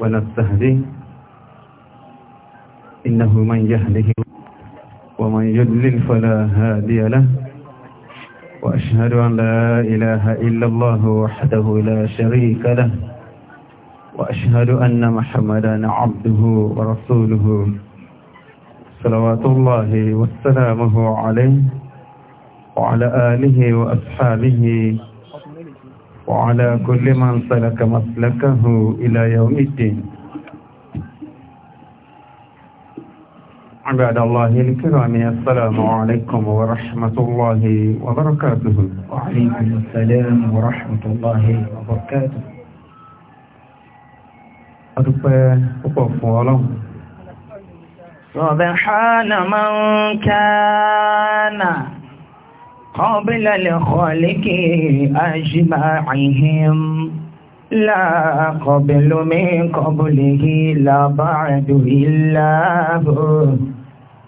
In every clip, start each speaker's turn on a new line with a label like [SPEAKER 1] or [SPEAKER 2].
[SPEAKER 1] ونستهديه إنه من يهده ومن يدلل فلا هادي له وأشهد أن لا إله إلا الله وحده لا شريك له وأشهد أن محمدا عبده ورسوله صلوات الله وسلامه عليه وعلى آله وأصحابه وعلى كل من سلك مسلكه إلى يوم الدين عباد الله الكرام السلام عليكم ورحمة الله وبركاته وعليكم السلام ورحمة الله وبركاته
[SPEAKER 2] سبحان من كان قبل الخالق أجمعهم لا قبل من قبله لا بعد إلا هو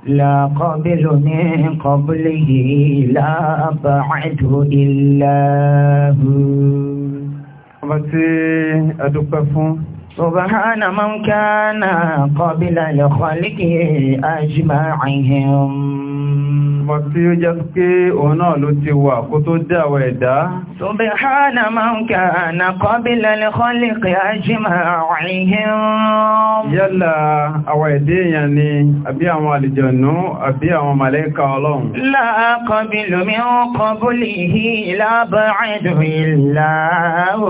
[SPEAKER 2] لا قبل من قبله لا بعد إلا هو سبحان من كان قبل fún. أجمعهم
[SPEAKER 1] nǹkan tí ó jẹ́ pé òun náà ló ti wà kó tó dá àwọn ẹ̀dá.
[SPEAKER 2] Subhana man kana qabla al-khalqi ajma'ihim.
[SPEAKER 1] Yálà àwọn ẹ̀dá èèyàn ni àbí àwọn àlìjọ̀nú àbí àwọn màlẹ́kà ọlọ́run.
[SPEAKER 2] La qablu min qablihi la ba'du
[SPEAKER 1] illa hu.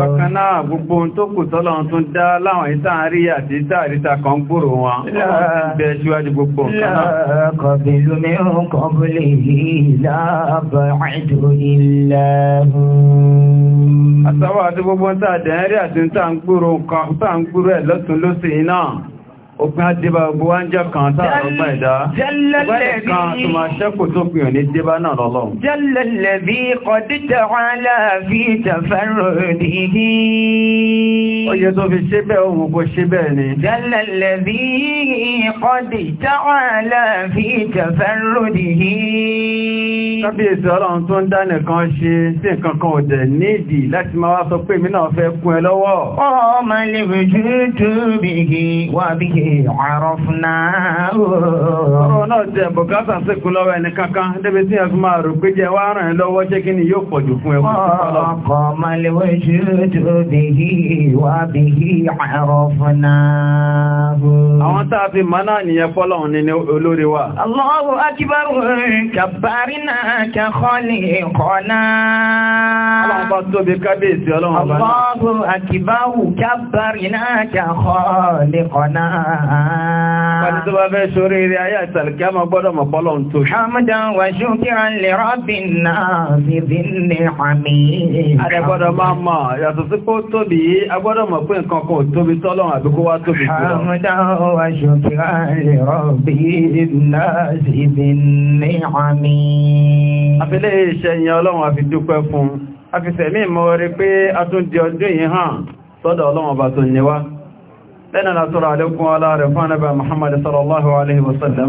[SPEAKER 1] Bákan náà gbogbo ohun tó kù tọ́lọ́run tún dá láwọn ìtàrí àti ìtàríta kan gbòrò wọn.
[SPEAKER 2] Láàkọ̀bí ló من قبله لا بعد
[SPEAKER 1] إلا هو àtàwà àti gbogbo ń tàà dẹ̀ẹ́rẹ́ àti ń tàà ń gbúrò ẹ̀ lọ́tún lóṣèé náà Òpin àdébà gbogbo wá ń jẹ́ kan táàrọ gbà ìdá. Jẹ́lẹ̀lẹ̀ kan tó máa ṣẹ́kù tó pìyàn ní débà náà lọ́lọ́. Oye tó fi ṣe bẹ́ẹ̀ ohun kò ṣe bẹ́ẹ̀ ni.
[SPEAKER 2] Jẹ́lẹ̀lẹ̀
[SPEAKER 1] kábíyèsí ọlọ́run tó ń dá nìkan ṣe sí nǹkan kan òdẹ̀ nídì láti máa wá sọ pé mi náà fẹ́ kún ẹ lọ́wọ́.
[SPEAKER 2] ọmọ lè rojú dúbìgì wà bí àrọ̀ fúnná
[SPEAKER 1] ọ̀rọ̀ náà jẹ́ bùkátà sí kún àwọn tá a fi mọ́ náà nìyẹn wa.
[SPEAKER 2] Allahu akbar kabbarina kẹ́kọ́lì ìkọ́lá.
[SPEAKER 1] Ọlọ́run bá tóbi kábíyèsí ọlọ́run bá náà.
[SPEAKER 2] àkìbáwù kábàrì náà kẹ́kọ́lì ìkọ́lá.
[SPEAKER 1] Pàdé tó wa shukran li rabbin nazidin ni yàtọ̀ sí kó tóbi yìí, a gbọ́dọ̀ mọ̀ pé nǹkan kan ò tóbi tọ́lọ́run àbí kó wá tóbi jùlọ. Hamdan
[SPEAKER 2] wa shukran li rabbin
[SPEAKER 1] nazidin
[SPEAKER 2] ni hami.
[SPEAKER 1] Afilé iṣẹ́ yẹn ọlọ́run àfi fún. A fi sẹ̀mí ìmọ̀ rí pé a tún di ọdún yìí hàn sọ́dọ̀ ọlọ́run ọba tó níwá. Lẹ́nà àtọ́rọ̀ àlékún ọlá rẹ̀ fún ànábì Muhammad sallallahu alaihi wasallam.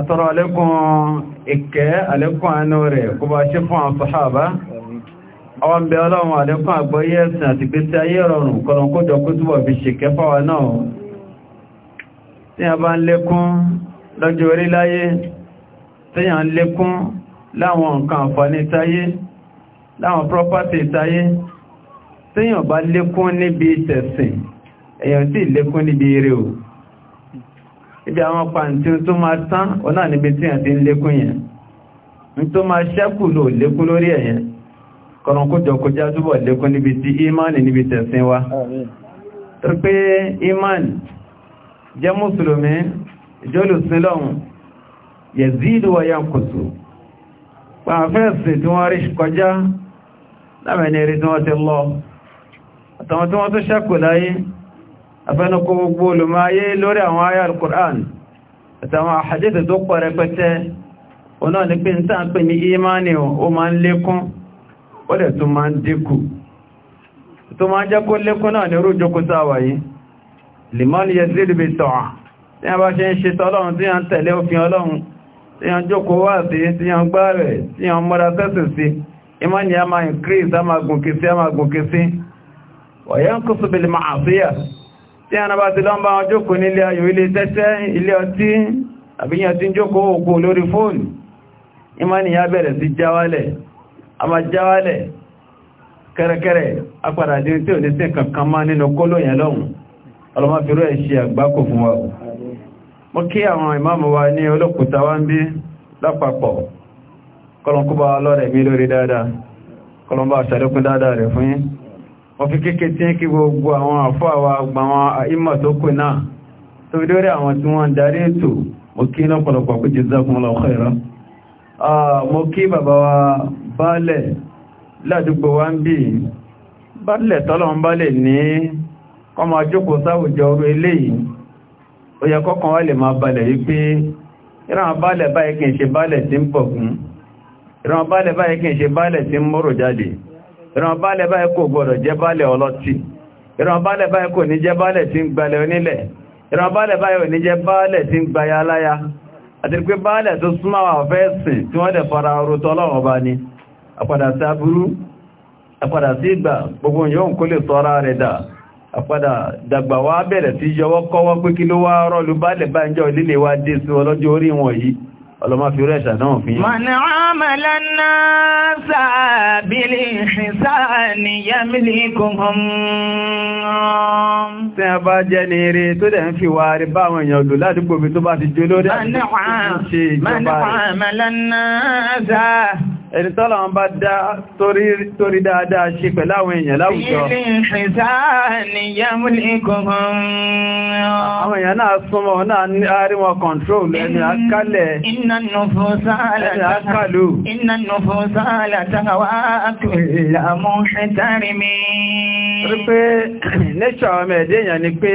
[SPEAKER 1] Àtọ́rọ̀ àlékún ìkẹ́ àlékún àánú rẹ̀ kó bá ṣe fún àwọn sàhábà. Àwọn bẹ ọlọ́run àlékún àgbọ́yé ẹ̀sìn àti gbésí ayé rọrùn kọlọ̀kójọ kó túbọ̀ fi ṣe kẹfà wa náà. Tí a bá ń lékún lọ́jọ́ orí láyé, tẹ́yàn lékún láwọn nǹkan àǹfààní táyé láwọn property táyé tẹ́yàn bá lékún níbi tẹ̀sìn èyàn tí lékún níbi eré o ibi àwọn pàǹtí tó máa tán ọ̀nà níbi tí àti ń lékún yẹn ń tó máa ṣẹ́kù lò lékún lórí ẹ̀yẹn kọ̀rọ̀kójọ kọjá túbọ̀ lékún níbi tí imani níbi tẹ̀sìn wa tó pé imani jẹ́ mùsùlùmí ìjọ́lùsílọ́hun yazidu wa yankusu pàfẹ́sì tí wọ́n rí kọjá lámẹ́ni rí tí wọ́n ti lọ àtàwọn tí wọ́n tó ṣẹ́kù láyé afẹ́nukú gbogbo olùmáyé lórí àwọn ayá al-Qur'an àtàwọn àhàdìtì tó pọ̀ rẹpẹtẹ ọ̀nà ní pé ń tàn pè ní imani ó máa ń lékún ó dẹ̀ tó máa ń dínkù tó máa jẹ́ kó lékún náà ní rújókú sáwàyé limon yezid bi tọ́à tí a bá ṣe ń ṣe tọ́lọ́run tí a ń tẹ̀lé òfin ọlọ́run tí yàn jókòó wà sí tí yàn gbá rẹ̀ tí yàn mọ́ra sẹ́sì sí imani a máa increase a máa gùnkè sí a máa gùnkè sí ọ̀yẹ́ ń kúsù bèlè máa àfíyà tí yàn bá ti lọ́mbà wọn nílé ayò ilé tẹ́tẹ́ ilé ọtí àbíyàn tí ń òkú lórí fóònù imani ya bẹ̀rẹ̀ sí jáwálẹ̀ a máa jáwálẹ̀ kẹ́rẹ́kẹ́rẹ́ apàdàdé tí ò ní sí kankan máa nínú kólóyìn lọ́hùn ọlọ́mọ́ fi rú ẹ̀ ṣe àgbákò fún wa mo kí àwọn ìmáàmù wa ní olókùta wá ń bí lápapọ̀ kọlọ̀kúbà lọ́rẹ̀ mi lórí dáadáa kọlọ̀mbà àṣàrékún dáadáa rẹ̀ fún yín mo fi kéèké tí kí gbogbo àwọn àfáàwà gbàwọn àìmọ̀ tó kù náà tó fi lórí àwọn tí wọ́n darí ètò mo kí lọ́pọ̀lọpọ̀ wa baálẹ̀ ládùúgbò wa ń bí baálẹ̀ tọ́lọ̀ ń baálẹ̀ ní kọmọ ajókòó ó yẹ kọ́kàn lè máa balẹ̀ yí pé ìran balẹ̀ ṣe balẹ̀ tí ń bọ̀ fún ìran balẹ̀ ṣe balẹ̀ tí ń mọ́rò jáde ìran balẹ̀ báyìí kò gbọdọ̀ jẹ́ balẹ̀ ọlọ́tí ìran balẹ̀ báyìí kò ní jẹ́ balẹ̀ tí ń gbalẹ̀ onílẹ̀ ìran balẹ̀ báyìí ní jẹ́ tí ń àpadà dàgbà wá bẹ̀rẹ̀ sí yọwọ́ kọ́wọ́ pé kí ló wá rọ́lù bálẹ̀ bá ń ilé wá dé sí ọlọ́jọ́ orí wọn yìí ọlọ́má fi rẹ̀ṣà náà fi yìí.
[SPEAKER 2] mọ̀nà àmàlà náà
[SPEAKER 1] ẹni tọ́lọ wọn bá dá torí dáadáa ṣe pẹ̀lú àwọn èèyàn láwùjọ. Àwọn èèyàn náà súnmọ́ náà ní àríwọ̀ kọ̀ntrol ẹni akálẹ̀ ẹni Rí pé, nature ọmọ ẹ̀dẹ́ èèyàn ni pé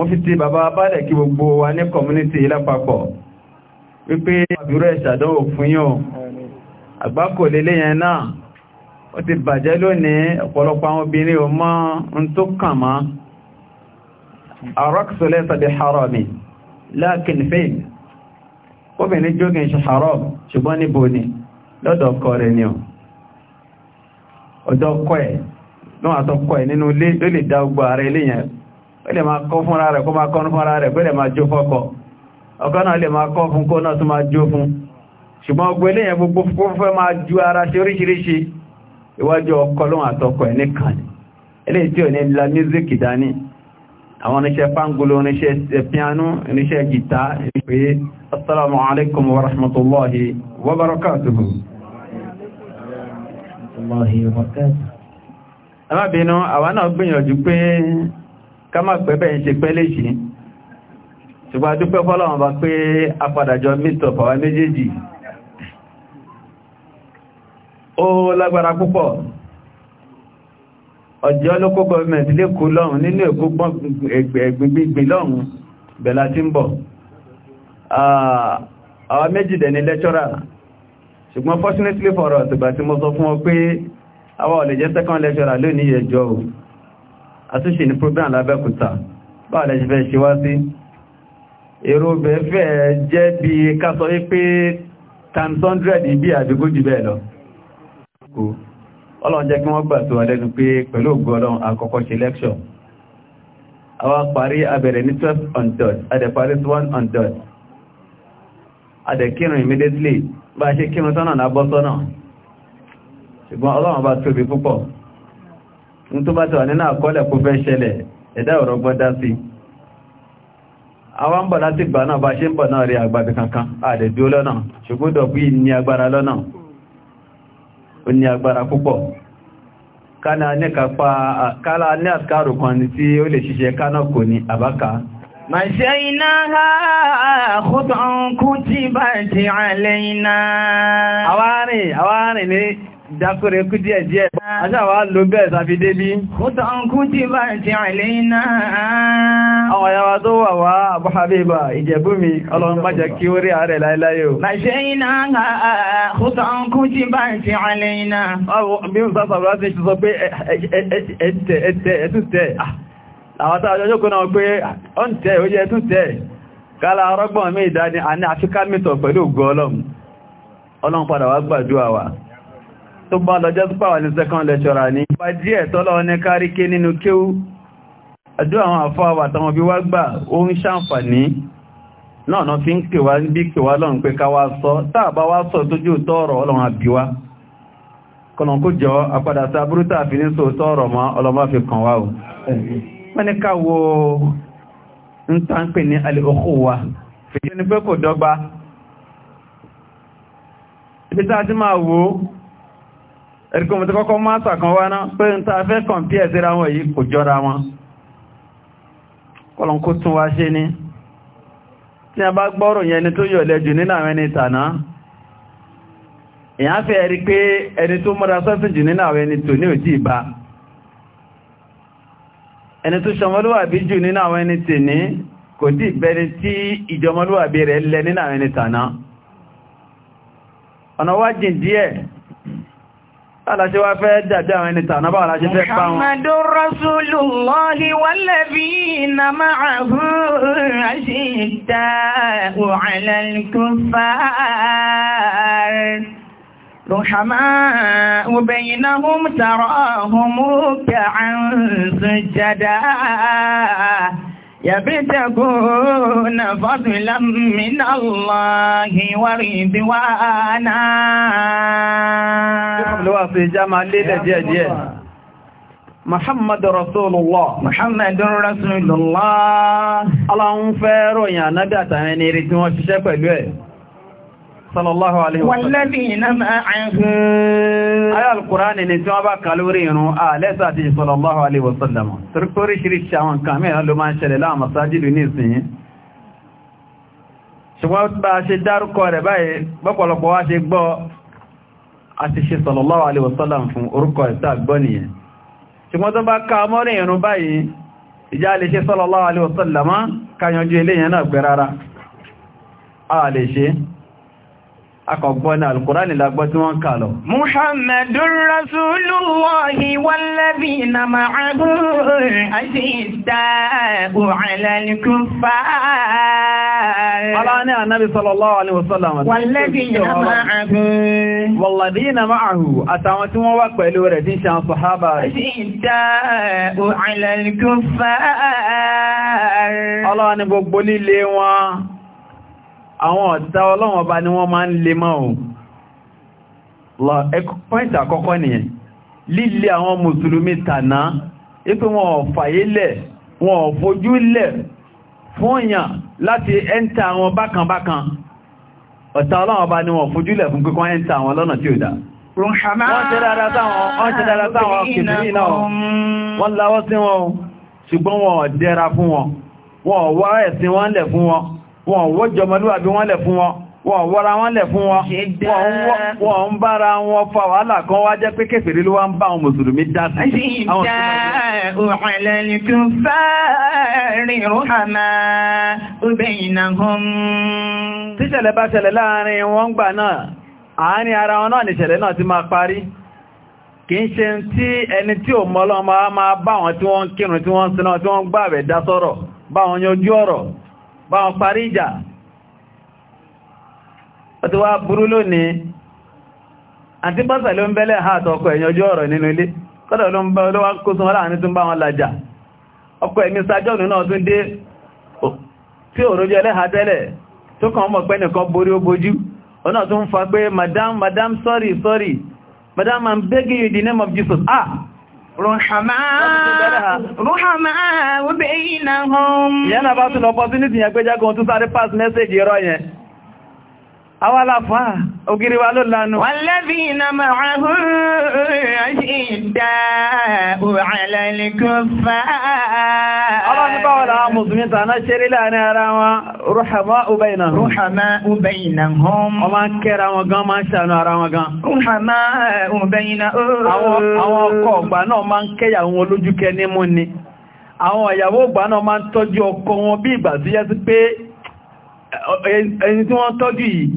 [SPEAKER 1] mo fi ti bàbá bálẹ̀ kí gbogbo wa ní community lápapọ̀ wípé àbúrò ẹ̀ṣàdánwò fún yàn àgbákò lélé yẹn náà ó ti bàjẹ́ lónìí ọ̀pọ̀lọpọ̀ àwọn obìnrin ò mọ̀ ń tó kàn má àrọ́kùsọ lẹ́sàbí harami láàkín fèèl obìnrin jógin ṣe haram ṣùgbọ́n ni lọ́dọ̀ ọkọ rẹ̀ ni ọ̀ ẹ̀ náà àtọkọ ẹ̀ nínú ilé ló lè dá gbogbo ààrẹ ilé yẹn ó lè máa kọ́ fúnra rẹ̀ kó máa kọ́ fúnra rẹ̀ pé lè máa jó fọ́kọ̀ ọkọ náà lè máa kọ́ fún kó náà tó máa jó fún ṣùgbọ́n ọgbọ́ eléyàn gbogbo fẹ́ máa ju ara ṣe oríṣiríṣi ìwájú ọkọ lóhun àtọkọ ẹ̀ nìkan eléyìí tí ò ní la music àwọn piano oníṣẹ́ gita ìpé assalamu alaikum wa rahmatullahi wa barakatuhu ẹ má bínú àwa náà gbìyànjú pé Kama má pẹ́ bẹ́ẹ̀ ṣe pẹ́ léṣì ṣùgbọ́n adúpẹ́ fọ́lọ́wọ́n bá pé apàdàjọ mítọ̀ fàwọn méjèèjì ó lágbára púpọ̀ ọjọ́ lókó gọọmẹ̀ntì lékò lọ́run nínú èkó gbígbígbì lọ́run bẹ̀lá tí ń bọ̀ àwọn méjìdẹ̀ ní lẹ́ṣọ́rà ṣùgbọ́n fortunately for us ìgbà tí mo sọ fún ọ pé àwọn ọ̀lẹ̀jẹ́ second lecturer lónìí ẹjọ́ àtúnṣe ní program lábẹ́kúta báwọn lẹ́ṣe fẹ́ ṣe wá sí èrò bẹ̀ fẹ́ jẹ́ bí kásọ wípé times 100 ibi àdúgbò jù bẹ́ẹ̀ lọ kò ọlọ́run jẹ́ kí wọ́n gbà tó wà lẹ́nu pé pẹ̀lú ògo àkọ́kọ́ ṣe election immediately bá ṣe kírun tọ́nà náà bọ́ sọ́nà ṣùgbọ́n ọlọ́run bá tóbi púpọ̀ tó bá tàwà nínú àkọọ́lẹ̀ kó fẹ́ ṣẹlẹ̀ ẹ̀dá ọ̀rọ̀ gbọ́dá sí àwọn ń bọ̀ láti gbà náà bá ṣe ń bọ̀ náà rí àgbàbì kankan àdẹ̀dú lọ́nà ṣùgbọ́dọ̀ bí ní agbára lọ́nà ó ní àkútọ̀
[SPEAKER 2] kú tí bá ti àlẹ́ iná. Àwárin, àwárin ní dákúrẹ kú díẹ̀ díẹ̀
[SPEAKER 1] aṣáwà ló bẹ́ẹ̀ tàbí débí kútọ̀ ọkú tí bá ti rìnlẹ̀ iná àwọn ayawa tó wà wá Abu Habiba ìjẹ̀bú mi ọlọ́run má jẹ́ kí ó rí ààrẹ láíláyò láṣẹ́
[SPEAKER 2] iná kútọ̀ ọkú tí bá ti rìnlẹ̀ iná bí mo sáfàbà
[SPEAKER 1] ti sọ pé ẹ̀tẹ̀ ẹ̀tẹ̀ ẹ̀tútẹ̀ ah, àwọn tàbí ọjọ́ kan náà pé ọ̀ntẹ̀ ah, ó yẹ ẹ̀tútẹ̀ kálá arọ́gbọ̀n mi ìdáni àní àfikà mìtọ̀ pẹ̀lú ògùn ọlọ́run ọlọ́run padà wá gbàdúrà wa tó bá lọ́jọ́ tó pàwà ní second lecturer ní bá díẹ̀ tọ́lọ́ ní káríké nínú kéwú àjọ àwọn àfọwà tàwọn bí wá gbà ó ń ṣàǹfàní náà náà fi ń kèwà bí kèwà lọ́n pé ká wá sọ tàbá wá sọ tójú tọ́ọ̀rọ̀ ọlọ́run àbíwá kọ̀nà kó jọ àpadà sí abúrútà àfi ibi tá a ti máa wo ẹ̀rìkọ́ mọ̀ tí kọ́kọ́ máa sàkan wá náà pé ń ta fẹ́ kàn pí ẹ̀sẹ́ra wọn yìí kò jọra wọn kọ́lọ̀n kó tún wá ṣe ní tí a bá gbọ́rọ̀ yẹn ni tó yọ̀ lẹ́jù nínú àwọn ẹni tàná èyàn fẹ́ rí pé ẹni tó múra sọ́sìn jù nínú àwọn ẹni tò ní òjì ìbá ẹni tó ṣọmọlúwàbí jù nínú àwọn ẹni tì ní kò tí ìbẹni nínú àwọn ẹni tàná ọ̀nà wájìn díẹ̀ aláṣẹ wá fẹ́ dàdá àwọn ẹni tànà báwọn aláṣẹ fẹ́ bá wọn. Muhammadu
[SPEAKER 2] Rasulullahi wallazina ma'ahu ashidda'u 'ala al-kuffar. رحماء بينهم تراهم ركعا سجدا يبتغون فضلا من الله ورضوانا الواصي جمع ليلة جاجة
[SPEAKER 1] محمد رسول الله محمد رسول الله الله انفروا يا نبي اتهني رتموا الشيء sallallahu alaihi wasallam
[SPEAKER 2] walladhina ma'ahu
[SPEAKER 1] aya alquran ni tí wọ́n bá kà lórí ìrun a le sa ti sallallahu alaihi wasallam tori shiri shawan kan me lo ma ṣẹlẹ̀ la masajidu ni sin ṣùgbọ́n bá ṣe dárúkọ rẹ̀ báyìí bọ́pọ̀lọpọ̀ wá ṣe gbọ́ àti ṣe sallallahu alaihi wasallam fún orúkọ ìta gbọ́ nìyẹn ṣùgbọ́n tó bá ká mọ́rin ìrun báyìí ìjá lè ṣe sallallahu alaihi wasallam káyanjú eléyìn náà pẹ̀ rárá a lè ṣe akọ̀gbọ́nà alkùránì lágbọ́ tí wọ́n kà lọ.
[SPEAKER 2] Muhammadun Rasulullahi wallabi na ma'ahu àti ìdáàbò alalikúfà. Aláwọ̀ ní ànábi
[SPEAKER 1] sallallahu alaihi wasallam. Wallabi na ma'ahu. Wallabi na ma'ahu àtàwọn tí wọ́n wà pẹ̀lú rẹ̀ tí ń ṣe sàhábà rẹ̀ àwọn ọ̀tá ọlọ́wọ̀n bá ní wọ́n máa ń lè mọ́ ohun lọ pọ́ìntì àkọ́kọ́ nìyẹn lílé àwọn mùsùlùmí tàná ipé wọn ò fàyílẹ̀ wọn ò fojú lẹ̀ fún èèyàn láti ẹ́ntà àwọn bákanbákan ọ̀tá ọlọ́wọ̀n bá ní wọn fojú lẹ̀ fún kíkọ́ ẹ́ntà àwọn lọ́nà tí ó dáa
[SPEAKER 2] wọ́n ṣe dára sáwọn kìtìrí náà
[SPEAKER 1] wọ́n láwọ́ sí wọn ṣùgbọ́n wọn ò fún wọn wọn ò ẹ̀sìn wọn lẹ̀ fún wọn wọn wọ́jọ mọ́lúwàbí wọ́n lẹ̀ fún wọn wọn wọ́ra wọ́n lẹ̀ fún wọn wọ́n ń bára wọn fa wàhálà kan wá jẹ́ pé kèfèrí ló wá ń bá àwọn mùsùlùmí dá sí kì í ṣe tí ẹni tí ò mọ́ lọ́mọ́ máa bá wọn tí wọ́n kírun tí wọ́n sinú tí wọ́n gbààwẹ̀ dá sọ́rọ̀ bá wọn yanjú ọ̀rọ̀ bá wọn parí ìjà ó ti wá burú lónìí àti pásà ló ń bẹ́lẹ̀ ha àtọkọ̀ ẹ̀yànjú ọ̀rọ̀ nínú ilé kọ́dọ̀ ló ń bá olówá kó sún ọkọ̀ ẹ̀mí náà tún dé tí ẹlẹ́ha tẹ́lẹ̀ tó kàn mọ̀ nìkan madam madam sorry sorry madam i'm begging you in the name of jesus ah
[SPEAKER 2] Rùhàmá wọ́bẹ̀
[SPEAKER 1] ìnáhùn. Yẹ́nà bá tún lọ pọ́ sí ní ti yẹn pé jágun tún sáré pass message ìrọ yẹn. awalafa ogiri wa ló lanu.
[SPEAKER 2] wàlẹ́bìnà màáhù ṣìdá òhàlẹ́lẹ́kọ́fà. ọlọ́nibá wà láwọn musulmi tàná ṣeré láàrin ara wọn rúhàmá ubaina hùn. rúhàmá
[SPEAKER 1] gan ara wọn gan. rúhàmá ubaina hùn. àwọn ọkọ wọn lójúkẹ ní mú ni. àwọn wọn bí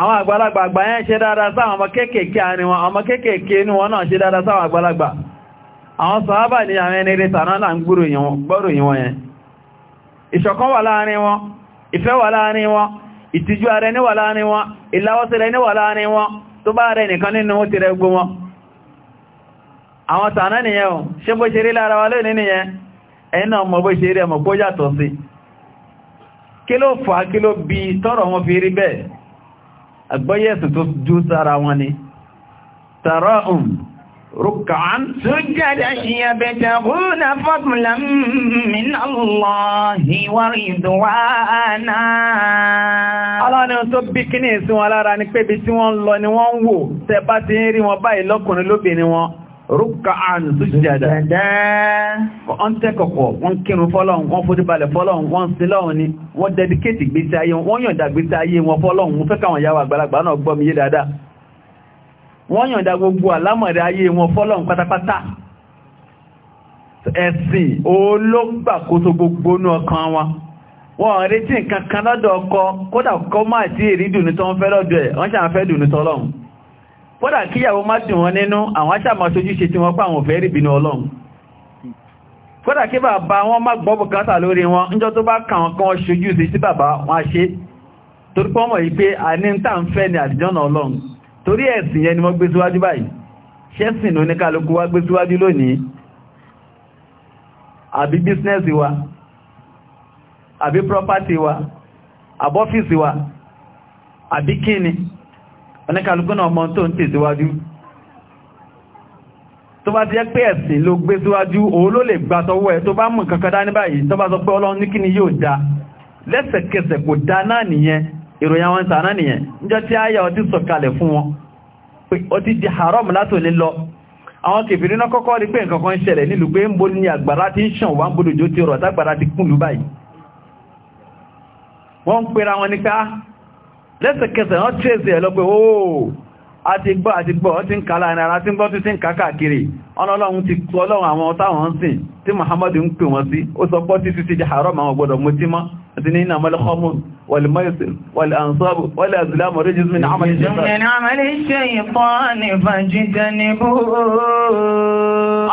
[SPEAKER 1] àwọn àgbàlagbà àgbà yẹn ṣe dáadáa sáwọn ọmọ kéèkèé àárín wọn ọmọ kéèkèé ní wọn náà ṣe dáadáa sáwọn àgbàlagbà àwọn sàábà ní àwọn ẹni rẹ̀ tàná là ń gbọ́rò yìí wọ́n yẹn ìṣọ̀kan wà láàrin wọn ìfẹ́ wà láàrin wọn ìtìjú ara ẹni wà láàrin wọn ìláwọ́sẹ̀lẹ̀ ẹni wà láàrin wọn tó bá rẹ̀ nìkan nínú ó ti rẹ gbó wọn àwọn tàná nìyẹn o ṣe bó ṣe rí lára wa lónìí nìyẹn ẹ̀yìn náà kí ló fà kí ló bí tọ́rọ̀ wọn fi rí bẹ́ẹ̀ agbọ́yẹ̀sù tó jú sára wọn ni tàrọ ùn rúkàán tó jádá sí abẹta
[SPEAKER 2] rúnà fọ́tùlá mìnàlọ́hì wárí ìdúnwáàná
[SPEAKER 1] aláwọn tó bí kíní sí wọn lára ní pé bí tí wọ́n lọ ni wọ́n wò tẹ́ bá ti ń rí wọn báyìí lọ́kùnrin lóbìnrin wọn rúkàán sùjádà wọ́n tẹ́ kọ̀kọ̀ wọ́n kírun fọ́lọ́hun wọ́n fójúbalẹ̀ fọ́lọ́hun wọ́n sílọ́hun ni wọ́n dẹ́díkétì gbésí ayé wọ́n yọ̀ǹda gbésí ayé wọn fọ́lọ́hun wọ́n fẹ́ káwọn yàwó àgbàlagbà náà gbọ́ mi yé dáadáa wọ́n yọ̀ǹda gbogbo àlámọ̀rẹ́ ayé wọn fọ́lọ́hun pátápátá ẹ̀sìn olóògbàkóso gbogbo inú ọkàn wọn wọ́n retí nǹkan kan lọ́dọ̀ ọkọ kódà kọ́ máa tí èrí kódà kíyàwó má dùn wọn nínú àwọn aṣàmà tójú ṣe tí wọ́n pa àwọn òfẹ́ ìrìbìnú ọlọ́run kódà kí bàbá wọn má gbọ́ bùkátà lórí wọn níjọ́ tó bá kàn kan ṣojú sí sí bàbá wọn ṣe torí pọ́ mọ̀ wípé a ní tàn fẹ́ ní àdìjọ́nà ọlọ́run torí ẹ̀sìn yẹn ni wọ́n gbé síwájú báyìí ṣẹ́sìn oníkálukú wá gbé síwájú lónìí àbí bísínẹ́sì wa àbí prọ́pátì oníkàlùkún náà mọ́ tó ń tè síwájú tó bá ti yẹ pé ẹ̀sìn ló gbé síwájú òun ló lè gbà tọwọ́ ẹ̀ tó bá mú nǹkan kan dání báyìí tó bá sọ pé ọlọ́run ní kíni yóò dá lẹ́sẹ̀kẹsẹ̀ kò dá náà nìyẹn ìròyìn àwọn ìta náà nìyẹn níjọ́ tí àyà ọtí sọ̀kalẹ̀ fún wọn pé ọtí di haram látò lọ àwọn kèfìrí náà kọ́kọ́ rí pé nǹkan kan ṣẹlẹ̀ nílùú pé ń bo ní àgbàrá tí ń ṣàn wá ń bodòjó ti rọ̀ tágbàrá ti kúnlù báyìí wọ́n ń pera wọn ní pé ah, lẹ́sẹ̀kẹsẹ̀ wọ́n tẹ́sẹ̀ ẹ̀ lọ pé oó àti gbọ́ àti gbọ́ wọ́n ti ń kàlá ẹni ara tí ń gbọ́ tí ń kàkàkiri ọlọ́run ti kú ọlọ́run àwọn táwọn sìn tí Muhammadu ń pè wọ́n sí ó sọ pọ́ títí ti di haram àwọn gbọ́dọ̀ mú tí mọ́ àti ní ìnà mọ́lẹ́ kọmù wal maisir wal ansab wal
[SPEAKER 2] shaytani fajtanibuhu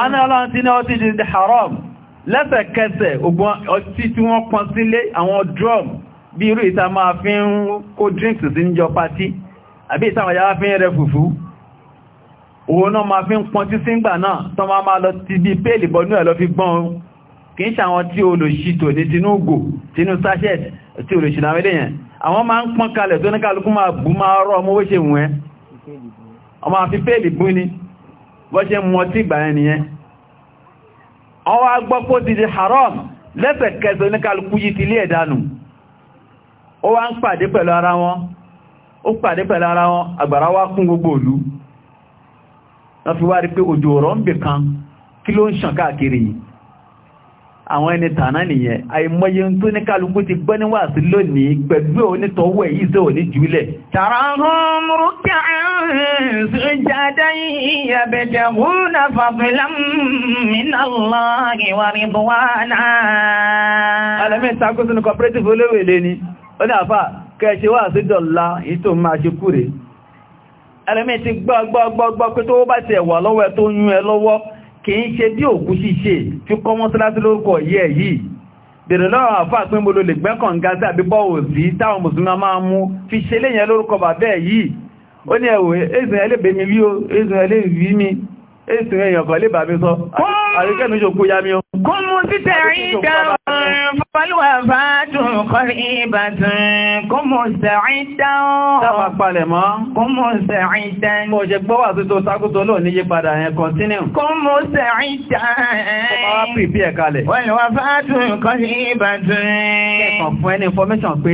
[SPEAKER 1] ọ̀nà ọlọ́run ti ní ó ti di haram lẹ́sẹ̀kẹsẹ̀ ogun ọtí tí wọ́n pọn sílé àwọn drum bí irú ìta máa fi ń kó drinks sí níjọ pátí àbí ìtàwọn yàwá fi ń rẹ fùfú òun náà máa fi ń pọn tí síngbà náà tán máa máa lọ ti bí pèlì bọ́nú ẹ̀ lọ fi gbọ́n kì í ṣàwọn tí olùṣìtò ní tinú ògò tinú sachet tí olùṣìnà wẹ́lẹ̀ yẹn àwọn máa ń pọn kalẹ̀ tó ní kálukú máa bú máa rọ ọmọ wéṣe wùn ẹ́ ọmọ àfi pèlì bú ni wọ́n ṣe mọ́ tí ìgbà lẹ́sẹ̀kẹsẹ̀ oníkálukú yìí ti lé ẹ̀dánù ó wá ń pàdé pẹ̀lú ara wọn ó pàdé pẹ̀lú ara wọn àgbàrá wá kún gbogbo òlú wọ́n fi wá rí pé òjò ọ̀rọ̀ ń bè kan kí ló ń ṣàn káàkiri yìí àwọn ẹni tàná nìyẹn àìmọye tó ní kálukú ti gbọ́ níwàásí lónìí pẹ̀lú onítọ̀wọ́ èyí tó ní jùlẹ̀. alẹ́mẹ́ta kó sínú cooperative olówèlé ni ó ní àfá kẹ́ẹ̀ṣe wà sí dọ̀lá ìtò máa ṣe kúrè ẹlẹ́mí ti gbọ́gbọ́gbọ́ pé tó bá ti ẹ̀wà lọ́wọ́ tó yún ẹ lọ́wọ́ kì í ṣe bí òkú ṣíṣe fi kọ́ mọ́sálásí lórúkọ yí ẹ̀ yìí bèèrè lọ́rọ̀ àfá pín bolo lè èsì èèyàn kan lè bà mí sọ àríkẹ́nu ṣòkú ya mi o. kó mú títẹ̀ rí dáhùn fọlùwà fàájùn kọrí
[SPEAKER 2] ìbàdàn kó mú sẹ̀rí dáhùn. sábà palẹ̀ mọ́. kó mú sẹ̀rí dáhùn. mo ṣe gbọ́ wà tuntun sákòtò náà níyí padà yẹn continue. kó mú sẹ̀rí dáhùn. kó
[SPEAKER 1] máa pìpì ẹ̀ kalẹ̀. fọlùwà fàájùn kọrí ìbàdàn. kẹ́kọ̀ọ́ fún ẹni information pé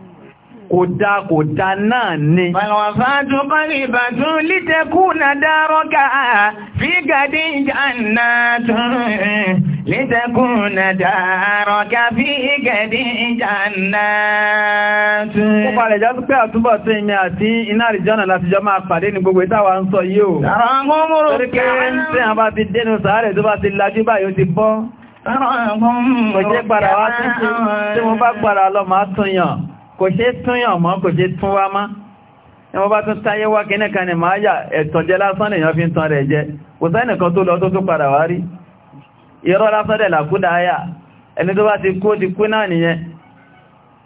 [SPEAKER 1] kò dá kò dá náà ni. Bàlọ̀fàájú
[SPEAKER 2] bọ́lì ìbàjú lítẹ̀kù na
[SPEAKER 1] dárọ́gà fi
[SPEAKER 2] gàdí ìjànà tún. Lítẹ̀kù na dárọ́gà fi gàdí ìjànà
[SPEAKER 1] tún. Ó palẹ̀ já pé àtúbọ̀ sí ìmẹ́ àti iná àrìjọ́nà láti jọ máa pàdé ní gbogbo ìtawà ń sọ yìí Àrọ̀ Kò jẹ́ kò ṣe túnyàn mọ́ kò ṣe tún wá má ẹwọ́n bá tún táyé wá kí nìkan ni máa yà ẹ̀tàn jẹ́ lásán èèyàn fi ń tan rẹ̀ jẹ kò sẹ́nì kan tó lọ tó tún padà wá rí irọ́ lásán dẹ̀ làkúdà ayà ẹni tó bá ti kú ti kú náà nìyẹn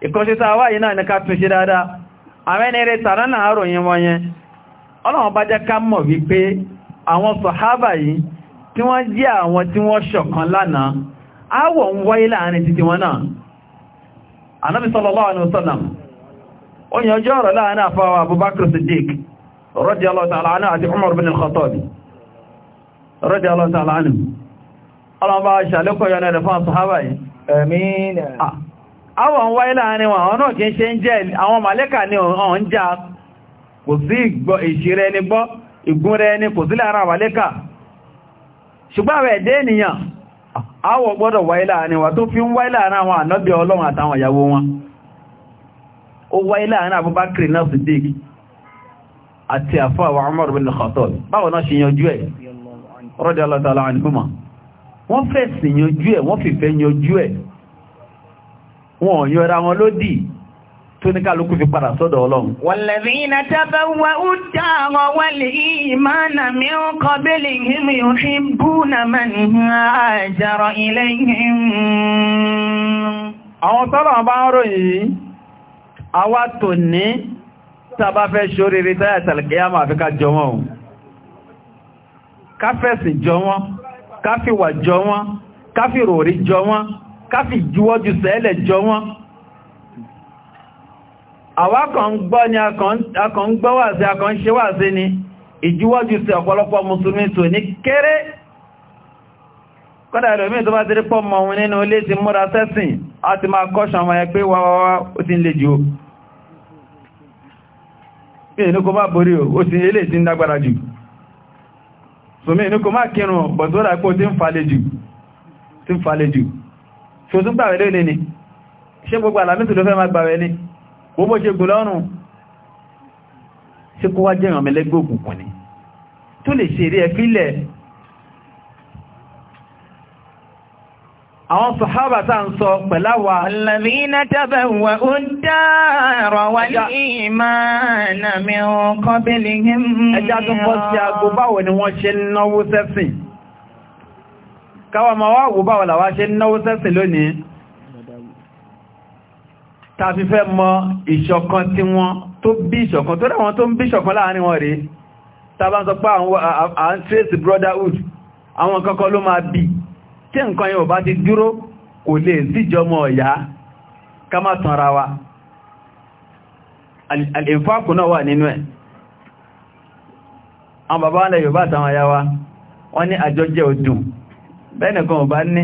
[SPEAKER 1] ìkọ́síta wá náà ní ká tún ṣe dáadáa àwọn ẹni rẹ̀ tààrà náà anábi sallallahu alaihi wasallam ó yàn jẹ́ ọ̀rọ̀ láàrin àfáwà abubakar siddiq radiyallahu ta'ala anhu àti umar bin al-khattab radiyallahu ta'ala anhu ọlọ́mọba ṣàlékọ̀ yọ lẹ́rẹ̀ fún àṣùhábà yìí àmín àwọn ń wáyé láàrin wọn àwọn náà kí ń ṣe ń jẹ́ àwọ̀ gbọ́dọ̀ wáyé láàrin wa tó fi ń wáyé láàrin àwọn ànábì ọlọ́run àtàwọn ìyàwó wọn ó wáyé láàrin Abubakar náà Siddiq àti àfáàwà Umar bin Khattab báwọn náà ṣe yanjú ẹ̀ radiyallahu ta'ala anhuma wọ́n fẹ́ sí yanjú ẹ̀ wọ́n fìfẹ́ yanjú ẹ̀ wọ́n yọra wọn lódì tó ní kálukú fi padà sọ́dọ̀ ọlọ́run.
[SPEAKER 2] Wàlẹ̀bìnà tábà wà ó dáàrọ̀ wà lè ìmáànà mi ń kọ bílì hìmì òfin búnà mẹ́rin àjàrọ̀ ilé
[SPEAKER 1] Àwọn tọ́lọ̀ bá ń ròyìn, àwa tò ní àwa kan gbọ́ ni akàn gbọ́ wà sí akàn ṣe wà sí ni ìjúwọ́jú sí ọ̀pọ̀lọpọ̀ mùsùlùmí tó ní kéré kọ́dà ìrọ̀mí tó bá ti rí pọ́ mọ̀ òun nínú ilé ti múra sẹ́sìn a ti máa kọ́ṣàn ọmọ ẹ pé wáwáwá ó ti ń le jù ó ti ń dágbára jù ni ṣe gbogbo àlàmí tó ló fẹ́ bó ṣe gùn lọ́rùn tí kó wá jẹ́ ìrànmẹ́ òkùnkùn ni tó lè ṣe rí ẹfílẹ̀ àwọn sọ̀hábà tá ń sọ
[SPEAKER 2] pẹ̀láwà alladhina tabawwa'u ad-dara wal-imana min qablihim ẹjá tó fọ́ sí
[SPEAKER 1] agbó ni wọ́n ṣe náwó sẹ́sìn ta fi fẹ́ mọ ìṣọ̀kan tí wọ́n tó bí ìṣọ̀kan tó dáwọn tó ń bí ìṣọ̀kan láàrin wọn rèé ta sọ pé à trace brotherhood àwọn kankan ló máa bí tí nǹkan yẹn ò bá ti dúró kò lè síjọmọ ọ̀yá ká má tanra wa àlèfàkù náà wà nínú ẹ̀ àwọn bàbá wọn lẹ Yorùbá àtàwọn àyá wa wọ́n ní àjọjẹ́ òdùn bẹ́ẹ̀ nìkan ò bá ní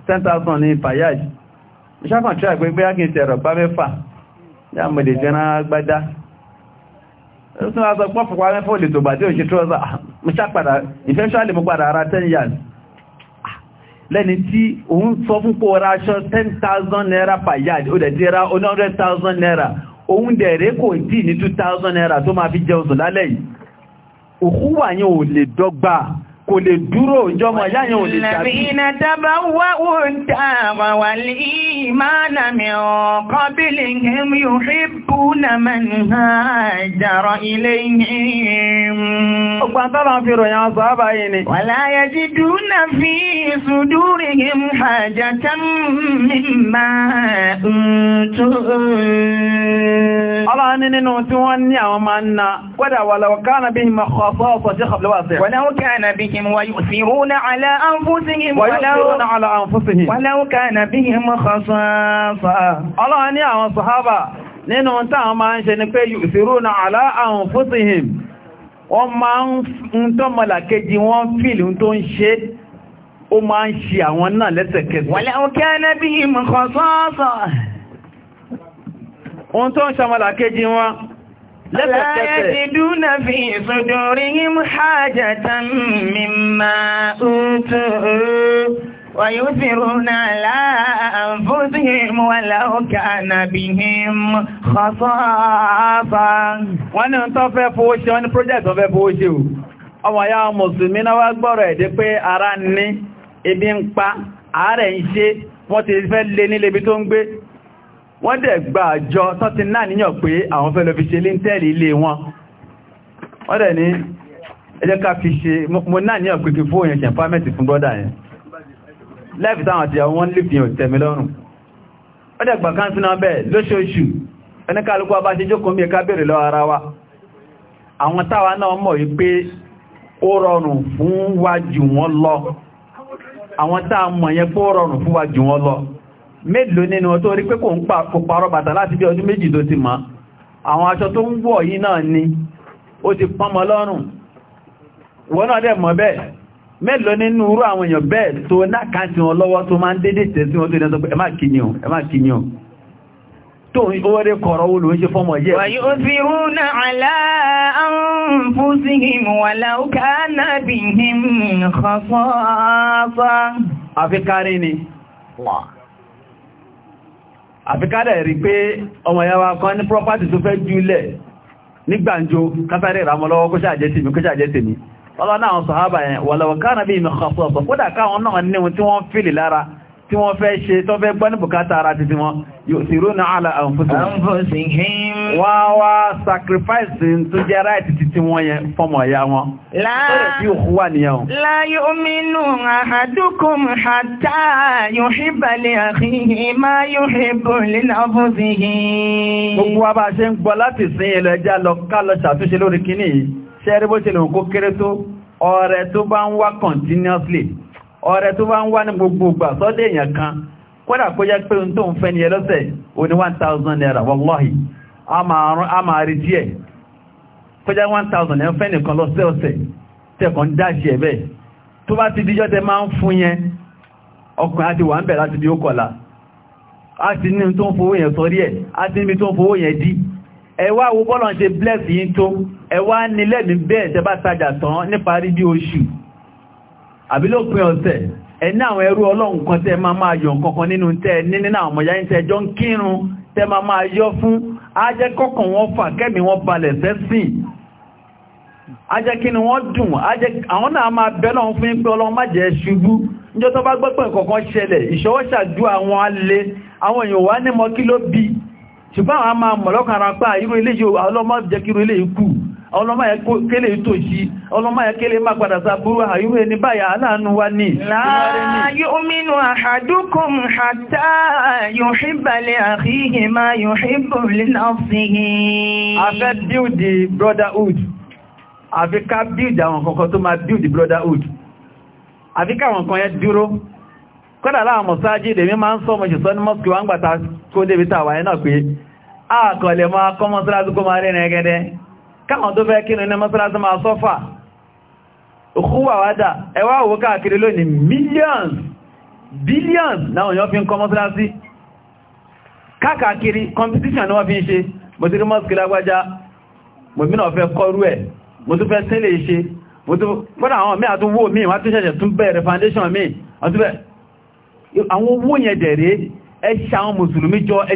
[SPEAKER 1] 10,000 ní payage ìṣàkàn tí àgbé pé ákìntì ẹ̀rọ pa mẹ́fà ya mọ̀ lè jẹ́nà agbádá ó tún wá sọ pọ́ fún wáyé fún olètò bàtí òṣì trọ́sà ah, mọ́ṣàpàdà ìfẹ́ṣọ́lẹ̀ mọ́ padà ara 10 yards ah, lẹ́ni tí òun sọ fún pọ̀ ra aṣọ 10,000 naira payage ó dẹ̀ ti ra 100,000 naira òun dẹ̀rẹ́ kò dì ní 2,000 naira tó máa fi jẹun sùn lálẹ́ yìí òkú wà ní ò kò lè dúrò ìjọmọ̀ ìyá yẹn ò lè jàbí. Lẹ́bìnà
[SPEAKER 2] dábà wá ó dára wà lè máa nàmì ọ̀kọ́ bí lè hìm rí bú na mẹ́nà ìjàrọ̀ ilé yìí. Ọgbà tọ́lọ fi ròyìn ọzọ ọba yìí ni. Wà láyé jí dúnà fi ìsùdúrì hìm àjàtà mímá tó.
[SPEAKER 1] Ọlọ́run ní nínú tí wọ́n ní àwọn máa ń na, kódà wà lọ́wọ́ kánà bí i mọ̀ أنفسهم ويؤثرون على أنفسهم ويؤثرون على أنفسهم ولو كان بهم خصاصة الله أني أعوى الصحابة nínú táwọn máa ń ṣe ni pé yùsìrúnà àlá àwọn fúsìhìm wọ́n máa ń tó mọ̀làkejì wọ́n fìlì tó ń ṣe ó máa ń ṣe àwọn náà lẹ́sẹ̀kẹsẹ̀ wọ́lẹ̀ òkè ẹnẹ́bí mọ̀kànsọ́ọ̀sọ̀
[SPEAKER 2] يجدون في صدورهم حاجة مما أوتوا ويؤثرون على أنفسهم ولو كان بهم
[SPEAKER 1] خصاصة wọ́n ní tó fẹ́ fowó ṣe wọ́n ní project tó fẹ́ fowó ṣe o ọmọ ya mùsùlùmí náà wá gbọ́rọ̀ ẹ̀dẹ́ pé ara ní ebi ń pa àárẹ̀ ń ṣe wọ́n ti fẹ́ lé nílé ibi tó ń gbé wọ́n dẹ̀ gba àjọ tó ti náà níyàn pé àwọn fẹ́ lọ fi ṣe líńtẹ́lì ilé wọn wọ́n dẹ̀ ní ẹjẹ́ ká fi ṣe mo náà níyàn pé kí fóòyàn ṣẹ̀yàn pàmẹ́tì fún brọ́dà yẹn lẹ́fì táwọn àti àwọn wọ́n lè fi hàn tẹ̀mí lọ́rùn wọ́n dẹ̀ gbà káńsínà bẹ́ẹ̀ lóṣooṣù ẹnikálukú bá ṣe jókòó mi ká bèèrè lọ ara wa àwọn táwa mélòó nínú tó rí pé kò ń pàrọ bàtà láti bí ọdún méjì tó ti mọ́ àwọn aṣọ tó ń wọ̀ yìí náà ni ó ti pọ́mọ lọ́rùn wọ́n náà dẹ̀ mọ̀ bẹ́ẹ̀ mélòó nínú irú àwọn èèyàn bẹ́ẹ̀ tó nákàntí wọn lọ́wọ́ tó máa ń dédé tẹ̀ sí ni. Wow àfikádẹ̀ rí pé ọmọ ìyá wa kan ní property tó fẹ́ jùlẹ̀ nígbàǹjo kásáré ìràmọ́lọ́wọ́ kó ṣàjẹ́ tèmi kó ṣàjẹ́ tèmi ọlọ́nà àwọn sọ̀hábà yẹn wọ̀lọ̀wọ̀ kánàbí ìmẹ̀ tí wọ́n fẹ́ ṣe tó fẹ́ gbọ́ ní bùkátà ara títí wọn yóò sì rónà àlà àǹfúsìn wọ́n right títí wọ́n yẹn fọ́mọ̀ ya wọn
[SPEAKER 2] la yu'minu ahadukum hatta yuhibba li akhihi ma yuhibbu li nafsihi
[SPEAKER 1] gbogbo wa bá ṣe ń gbọ́ láti sí ilẹ̀ ẹjá lọ ká lọ ṣàtúnṣe lórí kíní ṣẹ́rí bó ṣe lè kó kéré tó ọ̀rẹ́ tó bá ń wá continuously ọ̀rẹ́ tó bá ń wá ní gbogbo ìgbà sọ́dẹ̀ èèyàn kan kódà kó jẹ́ pé tó ń fẹ́ ní ẹlọ́sẹ̀ o ní 1000 naira wallahi a máa rí díẹ̀ kó jẹ́ 1000 naira fẹ́ nìkan lọ́sẹ̀ ọ̀sẹ̀ tẹ́kàn dáṣì ẹ̀ tó bá ti díjọ́ tẹ máa ń fún yẹn ọkùnrin àti wà ń bẹ̀ láti di ó kọ̀lá a ti ní tó ń fowó yẹn sọrí ẹ̀ a ti níbi tó ń fowó yẹn dí ẹwà wo bọ́lọ̀ ṣe bless yín tó ẹwà nílẹ̀ mi bẹ́ẹ̀ tẹ bá tajà tán bí oṣù àbí lópin ọ̀sẹ̀ ẹni àwọn ẹrú ọlọ́run kan tẹ́ máa máa yọ nǹkankan nínú tẹ́ ní nínú àwọn ọmọya ń tẹ́jọ ń kírun tẹ́ máa yọ fún ajẹ́ kọ́kàn wọn fà kẹ́mì wọn balẹ̀ sẹ́sìn ajẹ́ kí ni wọ́n dùn àwọn náà máa bẹ́ náà fún pé ọlọ́run ṣubú níjọ́ tó bá ṣẹlẹ̀ àwọn alẹ́ àwọn èèyàn wá ní ṣùgbọ́n àwọn máa mọ̀ lọ́kàn ara pé irú ilé ọlọ́mọ yẹ kélé tó jí ọlọ́mọ yẹ kélé má padà sáburú àyúrú ẹni báyà aláàánú wa ní láàáyúmínú àhàdúkùn
[SPEAKER 2] hatta yuhibba li akhihi
[SPEAKER 1] brotherhood àfi ká build àwọn kankan tó máa build brotherhood àfi káwọn kan yẹ dúró kọ́dà láwọn mọ̀sáájì ìdèmí máa ń sọ mọ̀ ṣùsọ́ ní mọ́sùkì wọ́n gbàta kó débi tàwà ẹ̀ náà pé àkọlẹ̀ káwọn tó fẹ́ kínú ní mọ́sálásí máa sọ́fà òkúwà wádà ẹwà òwò káàkiri lónìí millions billions náà yọ́ fi ń kọ́ mọ́sálásí káàkiri competition ni wọ́n fi ń ṣe mo ti rí mọ́síkì lágbájá mo mìíràn fẹ́ kọrú ẹ̀ mo tún fẹ́ sílẹ̀ ṣe mo tún fọ́nà àwọn mí foundation mí àwọn owó yẹn dẹ̀rẹ́ ẹ ṣe àwọn mùsùlùmí jọ ẹ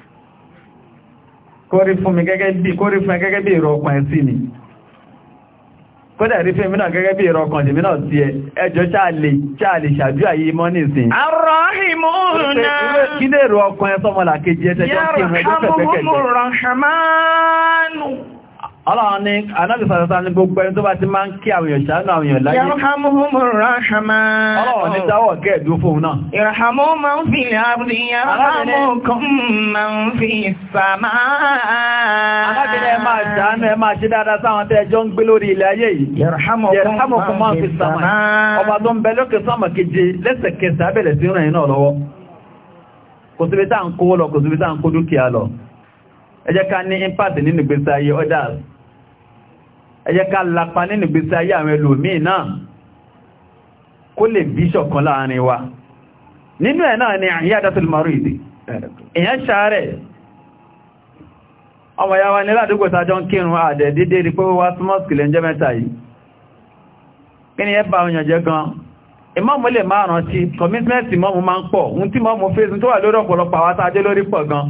[SPEAKER 1] kórí fún mi gẹ́gẹ́ bí kórí fún gẹ́gẹ́ bí ìrọ̀ ọkàn sí mi kódà rí fún mi gẹ́gẹ́ bí ìrọ̀ ọkàn tèmi sí ẹ ẹjọ́ cháàlè cháàlè ṣàdú àyè mọ́ nìsín
[SPEAKER 2] arọ́hìmúnà
[SPEAKER 1] Ọlọ́run ní anábì sàtàtà ní gbogbo ẹni tó bá ti máa ń kí àwòyàn ṣàánú àwòyàn láyé. Yarhamuhumur rahman. Ọlọ́run ní dáwọ̀ kẹ́ẹ̀dú fún náà.
[SPEAKER 2] Irhamu man fil ardi yarhamukum man fis sama. Alábìnrin ẹ máa ṣàánú ẹ
[SPEAKER 1] máa ṣe dáadáa sáwọn tẹ́ ẹjọ́ ń gbé lórí ilẹ̀ ayé yìí. Yarhamukum man fis sama. Ọba tó ń bẹ lókè sọ́mọ̀ keje lẹ́sẹ̀kẹsẹ̀ abẹ́lẹ̀ sí ràn yín náà lọ́wọ́. Kò síbi tá à ń kó lọ, kò síbi tá à ń kó dúkìá lọ. Ẹ jẹ́ ká ní impact nínú ìgbésí ayé others ẹjẹ́ ká lapa nínú ìgbésí ayé àwọn ẹlòmíì náà kó lè bí ṣọ̀kan láàrin wa nínú ẹ̀ náà ni àyíyádásílì maridi èyàn ṣàárẹ̀ ọmọ ya wa ní ládúgbò sájọ́ ń kírun àdẹ̀ dédé rí pé wá smọ́skì lè ni ẹ bá òyàn jẹ́ gan ìmọ́mù lè máa rántí kọmítímẹ́ntì mọ́mù máa ń pọ̀ ohun tí mọ́mù fèsì tó wà lórí ọ̀pọ̀lọpọ̀ àwátájẹ́ lórí pọ̀ gan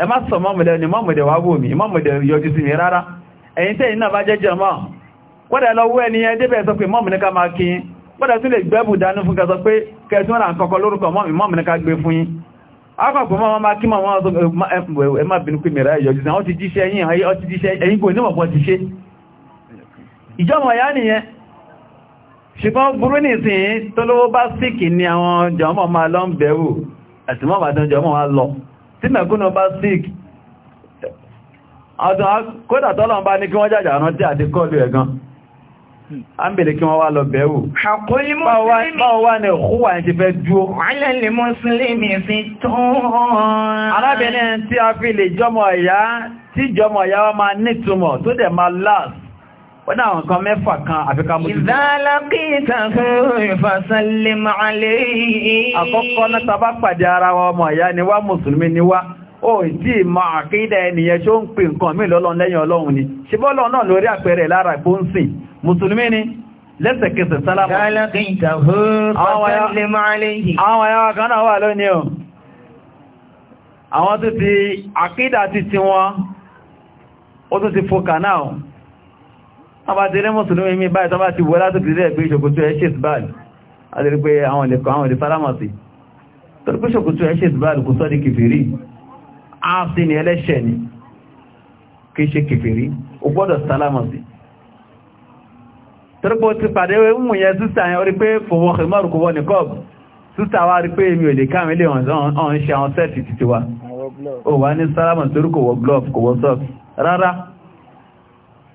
[SPEAKER 1] ẹ má sọ mọ́mù lẹ́nu mọ́mù dẹ̀ wá wò mí mọ́mù dẹ̀ yọjú sí mi rárá ẹ̀yin tẹ́yìn náà bá jẹ́ jẹmọ́ kódà lọ́wọ́ ẹni ẹ débẹ̀ sọ pé mọ́mí ní ká máa kí yín kódà tún lè gbẹ́bù dánú fún kẹsọ pé kẹsùn náà kọ́kọ́ lórúkọ mọ́mí mọ́mí ní ká gbé fún yín akọ̀kọ̀ mọ́ máa kí mọ́ ẹ má bínú pé mẹ́ra ìyọjú náà ó ti jíṣẹ́ ẹ̀yìn ó ti jíṣẹ́ ẹ̀yìn kò nímọ̀ pọ̀ ti ṣe ìjọmọ̀ ya nìyẹn ṣùgbọ́n burú nìsìn tó lówó bá síkì ní àwọn jọmọ̀ máa lọ ń bẹ̀wò àti mọ́ bàdán jọmọ̀ wá lọ tí mẹ̀kúnnà bá síkì kódà tọ́lọ̀n bá ní kí wọ́n jàjà rántí àti kọlù ẹ̀gan a ń bèèrè kí wọ́n wá lọ bẹ̀ẹ́wò báwọn wá wọ́n náà mẹ́fà kan àfikà mú jùlọ. ìdálákìtà fún ìfàsànlẹ̀ màálẹ́ yìí. àkọ́kọ́ náà tàbá pàdé ara wa ọmọ ìyá ni wá mùsùlùmí ni wá ó ìdí ìmọ̀ àkídà ẹniyàn ṣó ń pè nǹkan mí lọ́lọ́n lẹ́yìn ọlọ́run ni ṣe bọ́lọ́ náà lórí àpẹẹrẹ lára ìpó ń ni lẹ́sẹ̀kẹsẹ̀ sálámù àwọn ayáwà kan náà wà lónìí o àwọn tó ti àkídà ti ti wọn ó tó ti fòkà náà wọ́n bá mi báyìí tó bá ti wọ́ látòkì rí ẹ̀gbẹ́ ìṣòkòtò ẹ̀ ṣe ìsbáàlì àti rí pé àwọn ìlẹ̀kọ̀ àwọn ìdí kò sọ́ kìfèrí áásí ni ẹlẹ́ṣẹ̀ ni kìí ṣe kèfèrí o gbọ́dọ̀ sálámọ̀sí tọ́rọpọ̀ ti pàdé mú yẹn sísà yẹn orí pé fòwọ́kì mọ́rùkú wọ́n ní kọ́ọ̀bù sísà wá rí pé èmi ò lè káàmì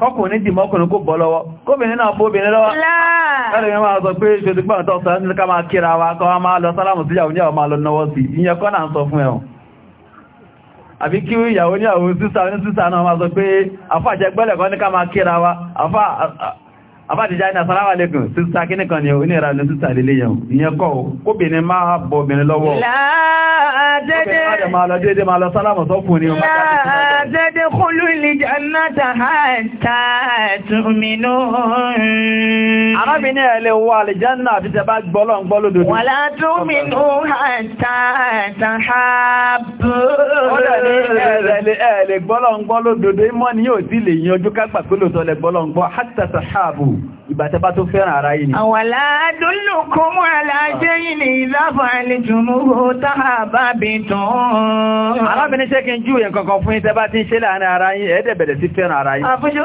[SPEAKER 1] kọkùnrin dì mọ́kùnrin kó bọ́ lọ́wọ́ kóbìnrin náà obìnrin lọ́wọ́ ẹ̀rìn máa sọ pé ṣòdípọ̀ kpee ní ká máa kíra wa kọ́ máa lọ sálàmù sí ìyàwó máa lọ náwọ́ sí ìyẹn kọ́ náà sọ fún ẹ̀hùn àbájíjá iná sàráwà lẹ́kùn sísá kí nìkan ni ò ní ìrànlẹ̀ sísá lílé yẹn ìyẹn kọ́ kóbìnrin máa bọ̀ obìnrin lọ́wọ́
[SPEAKER 2] láàdẹ́dẹ́ kúlù ìlìjà náà tààtùmínú
[SPEAKER 1] arábìnrin ẹ̀lẹ́ wà àlìjánà àti tẹbá gbọ́lọ̀ ń gbọ́lọ̀ ìgbàtẹ́bá tó fẹ́ràn ara yìí ni.
[SPEAKER 2] àwàlá dúnlù kún mú alájẹ́ yìí ni ìlàfà àlejùmú táà bá bí tán. arábìnrin ṣé kí n jú yẹn kankan fún
[SPEAKER 1] ìtẹ́bá tí ń ṣe láàrin ara yìí ẹ̀ẹ́dẹ̀ bẹ̀rẹ̀ sí fẹ́ràn ara yìí. àfúnṣe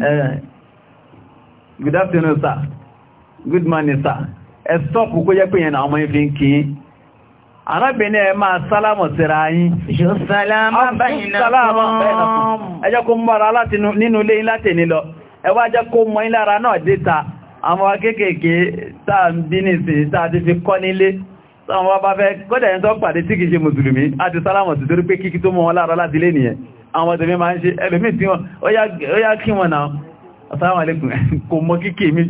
[SPEAKER 1] eh. good afternoon sir good morning sir ẹ sọ́pù kó jẹ́ pé yẹn àwọn ìfi ń kí arábìnrin ẹ máa sálámọ̀ síra yín ẹjọ́ kó mọ́ra nínú ilé láti nílọ ẹwà jẹ́ kó mọ́ ìlara náà déta àwọn akékèké táà ń bí nìsìn táà ti fi kọ́ nílé àwọn ọba fẹ́ kọ́dẹ̀ ẹ̀ntọ́ pàdé tí kìí ṣe mùsùlùmí àti sálámọ̀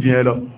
[SPEAKER 1] sí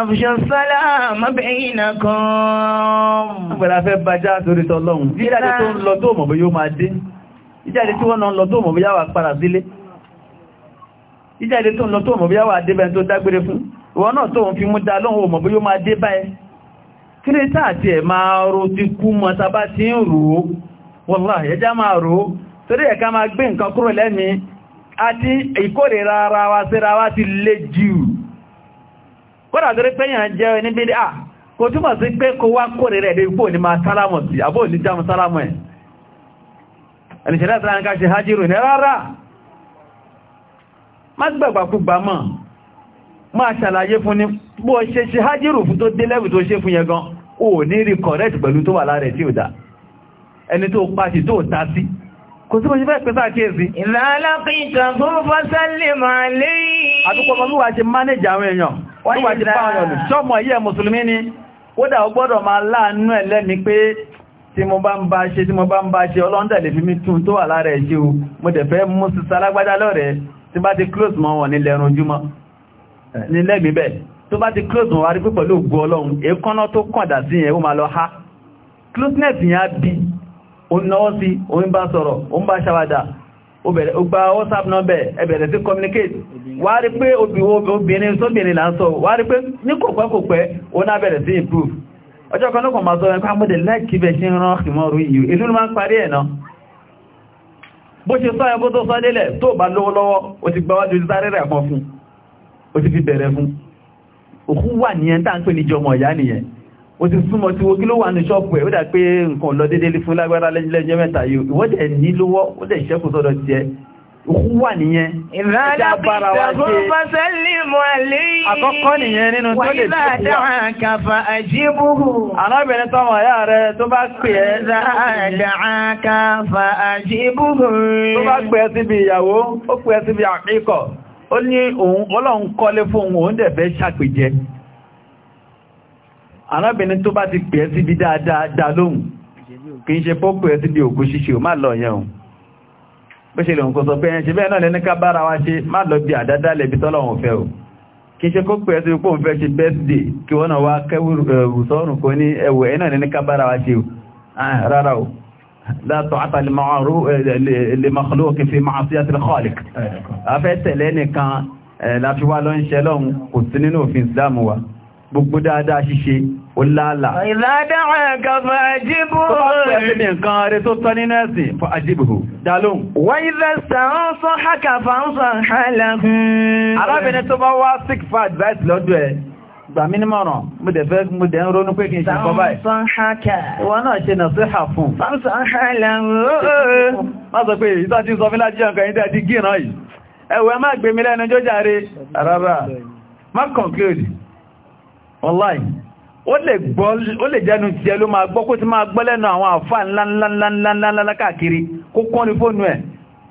[SPEAKER 1] àfùṣọ sálà mọ́bẹ̀yìn
[SPEAKER 2] kan.
[SPEAKER 1] Àgbẹ̀rẹ̀ afẹ́ bàjá torí tọ́lọ́run. Ìjáde tó ń lọ tó mọ̀ bí yóò máa dé. Ìjáde tí wọ́n lọ tó mọ̀ bí yáwà padà sílé. Ìjáde tó ń lọ tó mọ̀ bí yáwà dé bẹ́ẹ̀ tó dágbére fún. Ìwọ náà tó ń fi mú dá ò mọ̀ bí yóò kọ́dà tó rí pẹ́yàn jẹ́ ní bídí ah, à kò túnmọ̀ sí pé kó wá kórè rẹ̀ lórí fóòní máa sálámọ̀ sí àbó ní jámù sálámọ̀ ẹ̀ ẹ̀lẹ̀ṣẹ̀lẹ̀ sálánkà ṣe hajjiru ní rárá má gbàgbàkúgbà mọ̀ máa ṣàlàyé fún ní bó ṣe ṣe hajjiru fún tó dé lẹ́wù tó ṣe fún yẹn gan ò ní rí correct pẹ̀lú tó wà lára ẹ̀ tí ò dá ẹni tó pàṣì tó ta sí kò sí mo ṣe fẹ́ pẹ̀sá àkíyèsí. ìlàlápín ìtàkùn fásálì máa lè yìí. àtúkọ̀ ọmọ wíwá ṣe mánéjì àwọn èèyàn wíwá ṣe pàwọn ọ̀nà ṣọ́mọ̀ yí ẹ̀ mùsùlùmí ni ó dà ó gbọ́dọ̀ máa láàánú ẹ̀ lẹ́ni pé tí mo bá ń bá ṣe tí mo bá ń bá ṣe ọlọ́ndẹ̀lẹ̀ fi mí o mo dẹ̀ close mọ́ wọn nílẹ̀ ẹ̀rùn ojúmọ́ nílẹ̀ mi close mọ́ wá rí ha closeness yẹn á bí náwọ́ sí orin bá sọ̀rọ̀ o ń bá ṣàwádà o gba whatsapp number ẹ bẹ̀rẹ̀ sí communicate wá rí pé obìnrin sóbìnrin là ń sọ wá rí pé ní kò pẹ́ kò o náà bẹ̀rẹ̀ sí improve ọjọ́ kan lọ́kàn máa sọ ẹ̀kọ́ àmúdẹ̀ láìkí bẹ̀ ṣe rán ìmọ̀rú yìí ìlú ma ń parí ẹ̀ náà bó ṣe sọ ẹ̀kọ́ tó sọ tó bá lówó lọ́wọ́ o ti gbáwájú sáré rẹ̀ fún o ti fi bẹ̀rẹ̀ fún òkú wà nìyẹn tá ń pè ní jọmọ̀ ìyá nìyẹn ó ti súnmọ́ tí wo kí ló wà ní ṣọ́pù ẹ̀ ó dà pé nǹkan lọ dédé fún lágbára lẹ́jẹ́ mẹ́ta yìí ìwọ́dẹ̀ ní lówó ó dẹ̀ ṣẹ́kù sọ́dọ̀ ti ẹ òkú wà nìyẹn ìdájábára wa ṣe àkọ́kọ́ nìyẹn nínú tó lè tó wà kàfà àjíbùhù arábìnrin tọ́mọ̀ ayá rẹ tó bá pè ẹ́ kàfà àjíbùhù tó bá pè ẹ́ síbi ìyàwó ó pè ẹ́ síbi àkíkọ̀ ó ní òun ọlọ́run kọ́lé fún òun òun dẹ̀ fẹ́ ṣàpèjẹ arábìnrin tó bá ti pè ẹ́ síbi dáadáa dá lóhùn kì í ṣe pọ́pù ẹ́ síbi òkú ṣíṣe ò má lọ yẹn o bó ṣe lè ń kó sọ pé ẹ̀ṣẹ́ bẹ́ẹ̀ náà lẹ́ní ká bára wa ṣe má lọ bí àdádá lẹ́bi tọ́lọ́wọ̀n fẹ́ o kì í ṣe kó pè ẹ́ wá kẹ́wù ń ṣẹlọ́run kò sí nínú òfin ìsìlámù wa gbogbo dáadáa ṣíṣe ó láàlá. ìlàdáwà ẹ̀kàfà àjíbò rẹ̀. nǹkan rẹ̀ tó tọ́ nínú for advice lọ́dọ̀ ẹ̀ gbà mí nímọ̀ràn mo dẹ̀ fẹ́ mo dẹ̀ ń ronú pé kí n ṣe nǹkan báyìí. sàn hákà. ìwọ náà ṣe nà sí hà fún. sàn hálàkùn. má sọ pé ìtọ́ ti sọ fún lájí ọkàn yìí dẹ̀ gíràn yìí. ẹ̀wẹ̀ má gbé mi lẹ́nu jójàre. rárá má conclude. online o le gbọ́ ó lè jẹ́nu tí ẹ ló máa gbọ́ kó ti máa gbọ́ lẹ́nu àwọn àfà ńláńláńláńláńlá káàkiri kó kọ́ ní fóònù ẹ̀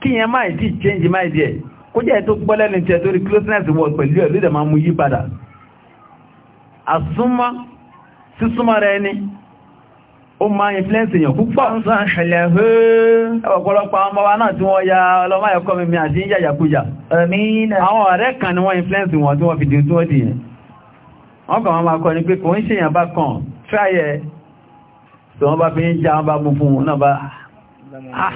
[SPEAKER 1] kí yẹn máa ti change my díẹ̀ kó jẹ́ tó gbọ́ lẹ́nu tí ẹ torí closeness wọ pẹ̀lú ẹ̀ ló dẹ̀ máa mú yí padà àsúnmọ́ sísúnmọ́ rẹ ni ó máa influence èèyàn púpọ̀ ọ̀pọ̀lọpọ̀ àwọn ya ọlọ́mọ ẹ̀kọ́ mi àti yíyàyàkújà àwọn ọ̀rẹ́ kan ni wọ́n wọ́n kàn wọ́n máa kọ́ ní pé kò ń ṣèyàn bá kàn tráyẹ̀ tó wọ́n bá fi ń já wọ́n bá mú fún náà bá ah,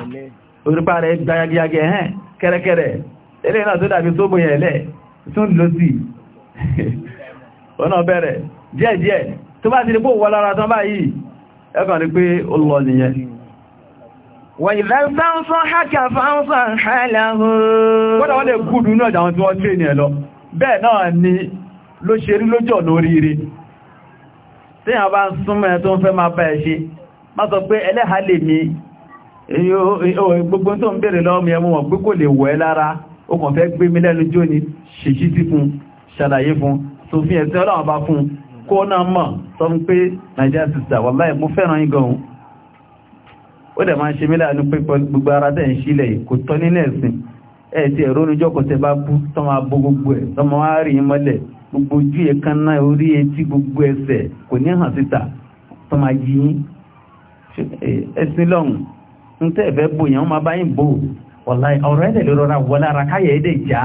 [SPEAKER 1] orípa rẹ̀ gbáyagíyagẹ́ ẹ̀hẹ́n kẹ́rẹ́kẹ́rẹ́ ilé náà tó dàbí tó gbòyàn ẹ̀lẹ́ tún lọ sí ọ̀nà bẹ̀rẹ̀ díẹ̀díẹ̀ tó bá ti rí pò ló ṣe rí lójọ́ lóríire tí a bá ń súnmọ́ ẹ̀ tó ń fẹ́ máa bá ẹ̀ ṣe má sọ pé ẹlẹ́ha lè mi gbogbo tó ń bèèrè lọ́wọ́ mi ẹmú wọn pé kò lè wọ̀ ẹ́ lára ó kàn fẹ́ gbé mi lẹ́nu jó ni ṣèṣí sí fún ṣàlàyé fún sófin ẹ̀sìn ọlọ́wọ́ bá fún Nigeria sister wàláhì mo fẹ́ràn yín gan-an ó dẹ̀ máa ń ṣe mí láàánú pé gbogbo ara tẹ̀ ń sílẹ̀ kò tọ́ nínú ẹ̀sìn ẹ̀ tí ẹ̀rọ onújọ́kọ̀ tẹ bá kú tọ́ máa bó gbogbo ẹ̀ tọ́ máa rí mọ́lẹ̀ gbogbo ojú ẹ̀kánná orí etí gbogbo ẹsẹ̀ kò ní hàn síta tó máa yí ẹ̀sìn lọ́hùn ń tẹ́ ẹ̀fẹ́ bò yẹn wọ́n máa bá yín bò ọ̀rọ̀ ẹ̀dẹ̀ ló rọra wọlé ara káyẹ̀ ẹ̀dẹ̀ já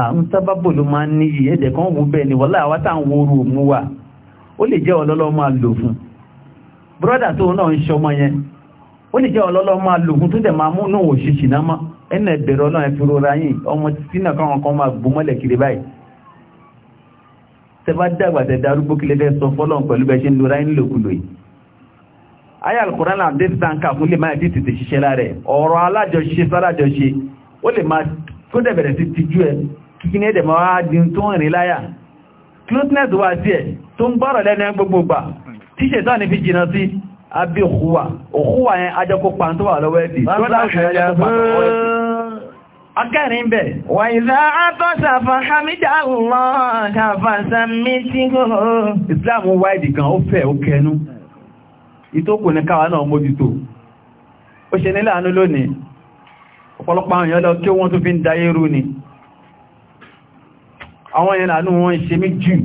[SPEAKER 1] àwọn sábàbò ló máa ń níyì ẹ̀dẹ̀ kan wo bẹ́ẹ̀ ni wọ́lá àwa tá à ń woro òmu wa ó lè jẹ́ ọlọ́lọ́ máa lò fún bùrọ́dà tó náà ń ṣọmọ yẹn ó lè jẹ́ ọlọ́lọ́ máa lò fún tó dẹ̀ máa mú náà òṣìṣì náà mọ́ ẹ̀nà ẹ̀bẹ̀rẹ̀ ọlọ́run ẹ̀fẹ́ rọra yìí ọmọ títí káwọn kan máa gbó mọ́lẹ̀ kiri báyìí tẹba dàgbà tẹ darúgbó kí lẹ́fẹ́ sọ fọ́lọ́n pẹ̀lú bẹ́ ṣe ń lora ń lòkulò yìí ayé alukọ̀rán náà dé sáǹkà fún lè máa títì ti ṣiṣẹ́ lára ẹ̀ ọ̀rọ̀ alájọṣe sárájọṣe ó lè máa tó dẹ̀bẹ̀rẹ̀ sí ti jú ẹ kíkí ní ẹ̀dẹ̀ máa di tó ń rìn láyà closeness wà sí ẹ̀ tó ń bọ́rọ̀ lẹ́nu gbogbo gbà tí ṣe sáà ní fi jìnnà sí abẹ́ òkúwà òkúwà yẹn ajọ́kópa tó wà lọ́wọ́ ẹ̀dì Akẹ́rin bẹ̀. Wà ìzá àtọ́sà
[SPEAKER 2] fún Hamida Allah kàfà sàmì tí kò.
[SPEAKER 1] Islam wáìdì kan ó fẹ́ ó kẹnu. Ìtókù ní káwà náà mójútó. Ó ṣe nílẹ̀ àánú lónìí. Ọ̀pọ̀lọpọ̀ àwọn èèyàn lọ kí wọ́n tó fi ń dayé rú ni. Àwọn èèyàn lànú wọn ṣe mí jù.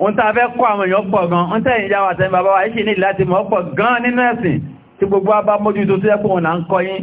[SPEAKER 1] Oun tá fẹ́ kọ́ àwọn èèyàn pọ̀ gan, oun tẹ́yìn yáwà tẹ́yìn bàbá wa, ìṣe ní láti mọ́ pọ̀ gan nínú ẹ̀sìn tí gbogbo abá mójútó tó yẹ pé òun là ń kọ́ yín.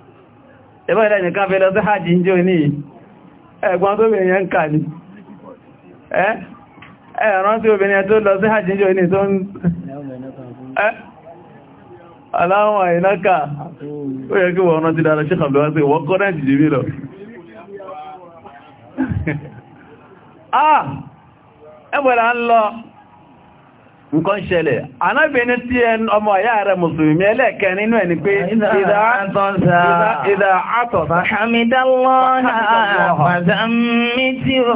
[SPEAKER 1] ẹbọ́ ìrẹ́ nìkan fẹ́ lọ sí hajji jò ní ẹgbọ́n tó bèèrè ń kà ní ẹ̀rán tí obìnrin tó lọ sí hajji tó ń aláwọ̀ ó yẹ kí wọ́n ti dára nǹkan ṣẹlẹ̀ anábìnrin tí ẹn ọmọ ìyá rẹ̀ mùsùlùmí ẹlẹ́ẹ̀kẹ́ nínú ẹni pé ìdá àtọ̀sá hamidallaha fàzámítìó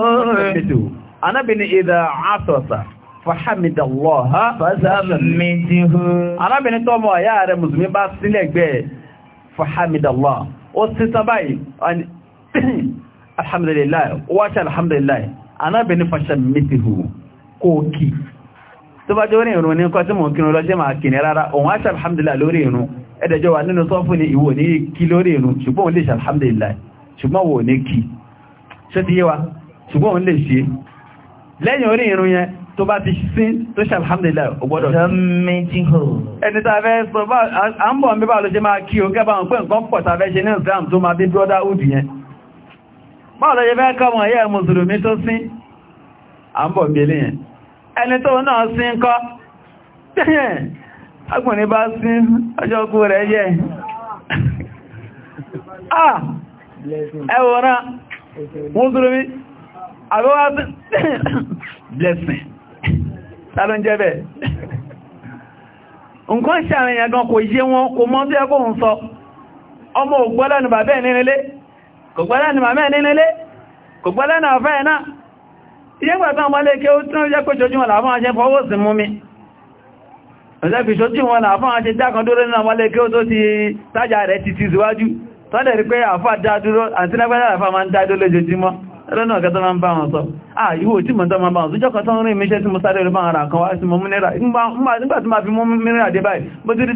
[SPEAKER 1] anábìnrin ìdá àtọ̀sá fàhámidallaha fàzámítìó anábìnrin tó ọmọ ìyá rẹ̀ mùsùlùmí bá sílẹ̀ gbẹ́ fàhámidallaha ó sí sábáyì alhamdulillah wáṣẹ́ alhamdulillah anábìnrin fàṣàmítìó tó bá jẹ́ orí ìrùn ní nǹkan tí mò ń kírun lọ́jẹ́ máa kìnnì rárá òun á ṣàlhàmdìlá lórí ìrùn ẹ̀dẹ̀jọ́ wà nínú sọ́fù ní ìwò ní kí lórí ìrùn ṣùgbọ́n òun lè ṣàlhàmdìlá ṣùgbọ́n wò ní kí ṣe ti yé wa ṣùgbọ́n òun lè ṣe lẹ́yìn orí ìrùn yẹn tó bá ti sín tó ṣàlhàmdìlá ò gbọ́dọ̀ ẹni tá a fẹ́ sọ bá à ń bọ̀ ń bí bá ló ẹni tó náà sí ń kọ́ agbòrin bá sí ọjọ́ kú rẹ̀ yẹ ah! ẹwọ̀rán mùsùlùmí àbúwá blessing tàbí jẹ́ bẹ̀ nǹkan ṣàrin ẹ̀gan kò yé wọn kò mọ̀ bí ẹkùn sọ ọmọ ògbọ́lẹ́nu bàbẹ́ nílé kò gbọ́lẹ́nu bàbẹ́ nílé kò gbọ́lẹ́nu àfẹ́ náà ìyẹ́gbàtà ọmọlẹ́kẹ́ ó tún jẹ́ pẹ́jọjúmọ̀ làfún àṣẹ fọwọ́ sí mú mi ọ̀sẹ́ fi ṣojú wọn làfún àṣẹ dákan dúró nínú ọmọlẹ́kẹ́ ó tó ti tájà rẹ̀ ti ti síwájú tọ́lẹ̀ rí pé àfà dádúró àti lágbàdà àfà máa ń dádó lójoojúmọ́ lọ́nà ọ̀kẹ́ tó máa ń bá wọn sọ ah ìwò tí mọ̀ tó máa bá wọn sójọ́ kan tó ń rí iṣẹ́ tí mo sáré ló bá ara kan wá sí mọ́ múnira nígbà tí máa fi mọ́ mìíràn àdé báyìí bó ti rí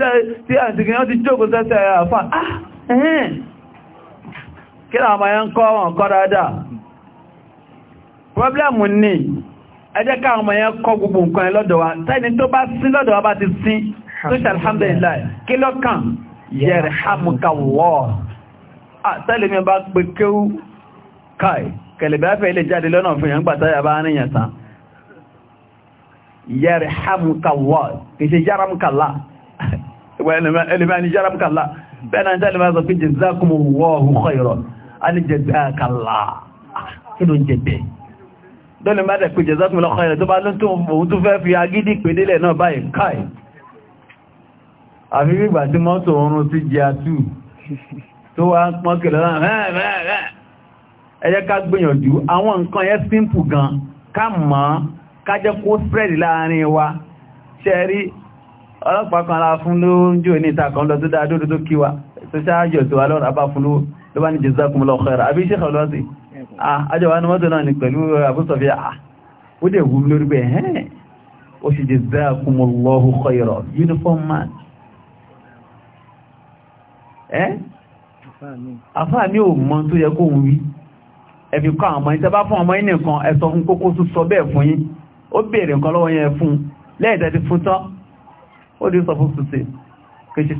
[SPEAKER 1] tí àtìkì yán ti jókòó sẹ́sẹ̀ àfà ah ẹ̀hẹ́n kí pọ́blẹ́mù ní ẹjẹ́ káwọn ọmọ yẹn kọ́ gbogbo nǹkan ẹ lọ́dọ̀ wa tẹ́ni tó bá sí lọ́dọ̀ wa bá ti sí tó ṣe alhamdulillah kí lọ́kàn yarhamukallah ah, tẹ́lẹ̀ mi bá pé kéwú káì kẹlẹ̀bẹ́fẹ́ ilé jáde lọ́nà fún yẹn gbàtáyà bá ní yẹn tán yarhamukallah kì í ṣe yarhamukallah ẹlẹ́mẹ́ni yarhamukallah dọ́lẹ̀ bá dẹ̀ pé jẹ́ sátúmọ̀ lọ́kọ̀ ẹ̀rẹ̀ tó bá ló tún òun tún fẹ́ fi agídí pèdélẹ̀ náà báyìí káì àfi ìgbà tí mọ́tò oorun ti jẹ́ àtú tó wá ń pọ́n wa ṣẹ́rí ọlọ́pàá kan ara fún ló ń jò ní ìtàkan lọ tó dáadódó tó kí wa tó ṣáájọ̀ tó wá lọ́rọ̀ abá fún ló bá àjọwà ah, ní mọ́tò náà ni pẹ̀lú àbúsọ̀fẹ́ eh, ah, ó dẹ̀ wú lórí pé ẹ̀hẹ́n ó sì jazakumullahu khayra uniform man ẹ́ àfáà ní ò mọ́ tó yẹ kó ń wí ẹ̀fì kọ́ àwọn ọmọ ìtẹ́bá fún ọmọ inú nǹkan ẹ̀sọ fún kókó tún sọ bẹ́ẹ̀ fún yín ó bèèrè nǹkan lọ́wọ́ yẹn fún lẹ́ẹ̀dẹ́ khayra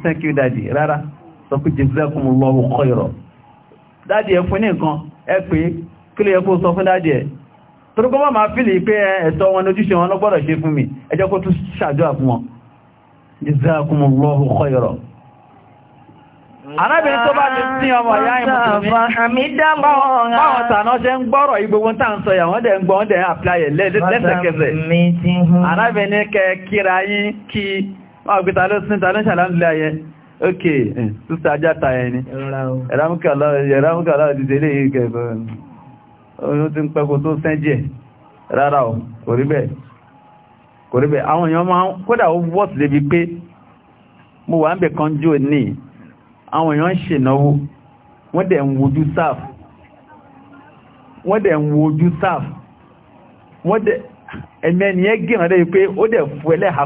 [SPEAKER 1] daddy ẹ fún ní nǹkan ẹ pé kí ló yẹ kó sọ fún dáadé ẹ̀ torúkọ́ máa fílì pé ẹ̀tọ́ wọn ojúṣe wọn lọ́gbọ́dọ̀ ṣe fún mi ẹ kó tún ṣàdúrà fún wọn jazakumullahu khairan arábìnrin tó ọmọ ya, kí oyún ti ń pẹ́kò tó sẹ́jẹ̀ rárá o kò rí bẹ́ẹ̀ kò rí bẹ́ẹ̀ àwọn èèyàn máa ń kódà ó wọ́s lébi pé mo wà ń bẹ̀ kan jò ní àwọn èèyàn ń ṣènáwó wọ́n dẹ̀ ń wojú sáf wọ́n dẹ̀ ń wojú sáf wọ́n gíràn dẹ̀ pé ó dẹ̀ fú ẹlẹ́ha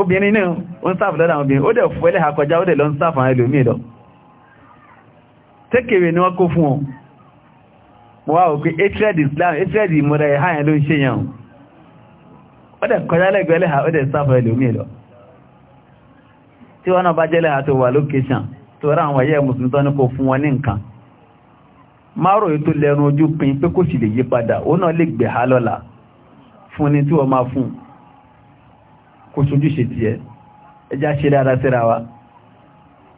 [SPEAKER 1] obìnrin náà ó ń sáf lọ́dà obìnrin ó dẹ̀ fú ẹlẹ́ha ó dẹ̀ lọ ń sáf àwọn ẹlòmíì lọ tẹ́kẹ̀rẹ̀ ni wọ́n kó fún wọn mo wá òkú hatred islam hatred ìmúra ẹ̀há yẹn ló ń ṣe yàn ó dẹ̀ kọjá lẹ́gbẹ̀ẹ́ lẹ́hà ó dẹ̀ sáfọ̀ ẹlòmíì lọ tí wọ́n náà bá jẹ́ lẹ́hà tó wà lókèṣàn tó rá àwọn ẹ̀yẹ mùsùlùmí tó ní kó fún wọn ní nǹkan márùn ètò lẹ́nu ojú pin pé kò sì lè yí padà ó náà lè gbẹ̀há lọ́la fún ni tí wọ́n máa fún kò sójú ṣe tiẹ̀ ẹjá ṣe dára síra wa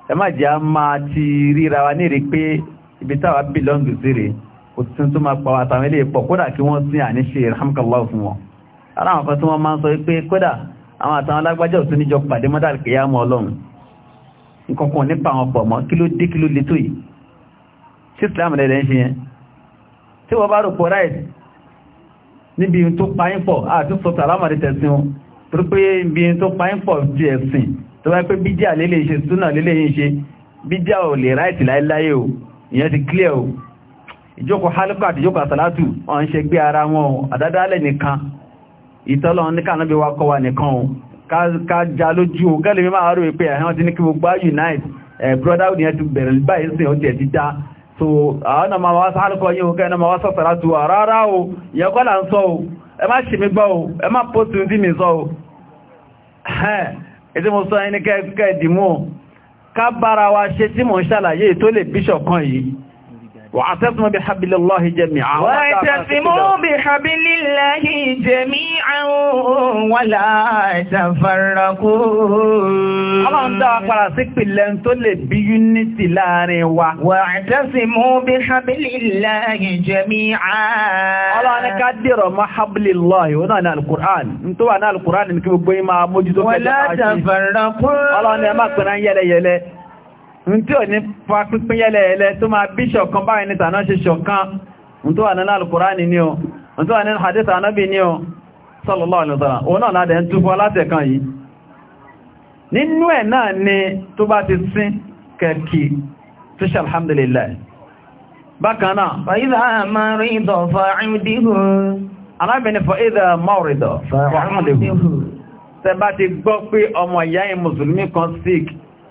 [SPEAKER 1] ẹ má jẹ́ a máa ti ríra wa ní pé ibi táwa bílọ́ǹgì sí rèé òtún tó máa pa àtàwọn ilé pọ̀ kódà kí wọ́n sí àníṣe ìrámkàláwò fún wọn ara àwọn kan tí wọ́n máa ń sọ pé kódà àwọn àtàwọn alágbájá òtún níjọ pàdé mọ́dà kìyà mọ́ ọlọ́run nǹkankan nípa àwọn pọ̀ mọ́ kí ló dé kí ló le tó yìí tí islam lẹ́lẹ́ ń ṣe yẹn tí wọ́n bá rò pọ̀ ráì níbi tó payín pọ̀ àti sọ̀tọ̀ alámàrí tẹ̀sìn wọn torí pé ibi tó payín pọ̀ di ẹ̀sìn tó wáyé pé bídíà lélẹ́yìn ṣe súnà lélẹ́yìn ti clear o ìjókòó hálùkù àti ìjókòó àsàlátù wọ́n ń ṣe gbé ara wọn àdádálẹ̀ nìkan ìtọ́lọ̀ níkà náà bí wá kọwa nìkan o ká já lójú o gẹ́lẹ̀ mi máa rò pé àwọn ti ní kí gbogbo unite brotherhood yẹn bẹ̀rẹ̀ báyìí sí ọjọ́ ti já so àwọn ọmọ wa hálùkù yìí o kẹ́ẹ̀ náà wá sàlátù rárá o ìyẹn kọ́ là ń sọ o ẹ má ṣe mi gbọ́ o ẹ má post tí واعتصموا بحبل الله جميعا واعتصموا بحبل الله جميعا
[SPEAKER 2] ولا تفرقوا Ọlọ́run dá wa padà sí pìlẹ̀ tó
[SPEAKER 1] lè bí unity láàrin wa. Wa'tasimu bihablillahi
[SPEAKER 2] jami'a. Ọlọ́run ní ká
[SPEAKER 1] dìrọ̀ mọ́ hablillahi, ó náà ní Al-Qur'an. N tó wà ní Al-Qur'an ní kí gbogbo yín máa mójútó pẹ̀lú àti. Wala tafarraqu. Ọlọ́run ní ẹ má pẹ̀rẹ̀ yẹlẹyẹlẹ tí ò ní fa pínpín yẹ́lẹ̀ẹ́lẹ́ tó máa bí ṣọ̀kan báyìí ní tàná ṣe ṣọ̀kan tó wà nínú alkùránì ní o tó wà nínú hadith anábì ní o sallallahu alaihi wasallam òun náà ládẹ̀ ń túnfọ́ látẹ̀kan yìí nínú ẹ̀ náà ni tó bá ti sín kẹ̀kì tó ṣe alhamdulillah bákan náà fa idha marido fa'iduhu arábìnrin fa idha marido fa'iduhu tẹ bá ti gbọ́ pé ọmọ ìyá mùsùlùmí kan sick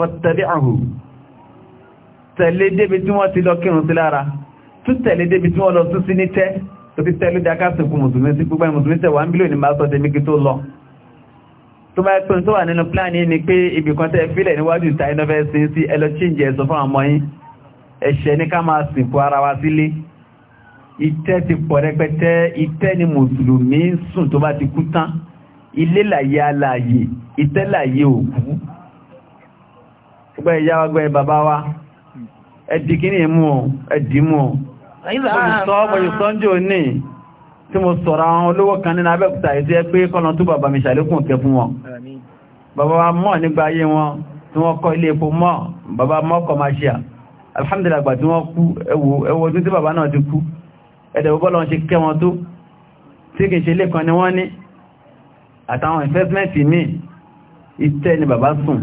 [SPEAKER 1] fọ́tẹ̀lẹ́hù tẹ̀lé débi tí wọ́n ti lọ kírun sí lára tún tẹ̀lé débi tí wọ́n lọ tún sí ní tẹ́ tó ti tẹ́lú dáká sìnkú mùsùlùmí sí púpọ̀ mùsùlùmí tẹ̀ wà ń bílò ní máa sọ tẹ́mí tó lọ tó bá pín tó wà nínú pláàni ni pé ibìkan tẹ́ fílẹ̀ níwájú ìta iná fẹ́ sin sí ẹlọ chíǹjẹ ẹ̀sọ fún àmọ́ yín ẹ̀ṣẹ̀ ní ká máa sìnkú ara wa sílé ìtẹ́ ti pọ̀ rẹpẹtẹ ìtẹ́ ni mùsùlùmí sùn tó bá ti kú tán ilé làyè alààyè ìtẹ́ làyè òkú gbẹ́ ìyá wa gbẹ́ bàbá wa ẹ̀dì kí ní ìmú ẹ̀dìmú olùsọ́jọ́ ní tí mo sọ̀rọ̀ àwọn olówó kan nínú abẹ́kúta ètò ẹ pé kọ́nà tó bàbá mi ṣàlékún kẹ fún wọn bàbá wa mọ̀ nígbà ayé wọn tí wọ́n kọ́ ilé epo mọ́ bàbá mọ́kọ̀ máa ṣe à alhamdulillah gbà tí wọ́n kú ẹwọ ọdún tí bàbá náà ti kú ẹ̀dẹ̀ gbogbo lọ́n ṣe kẹ́ wọn tó tí kì í ṣe ilé kan ni wọ́n ní àtàwọn investment ní ìtẹ́ ni bàbá sùn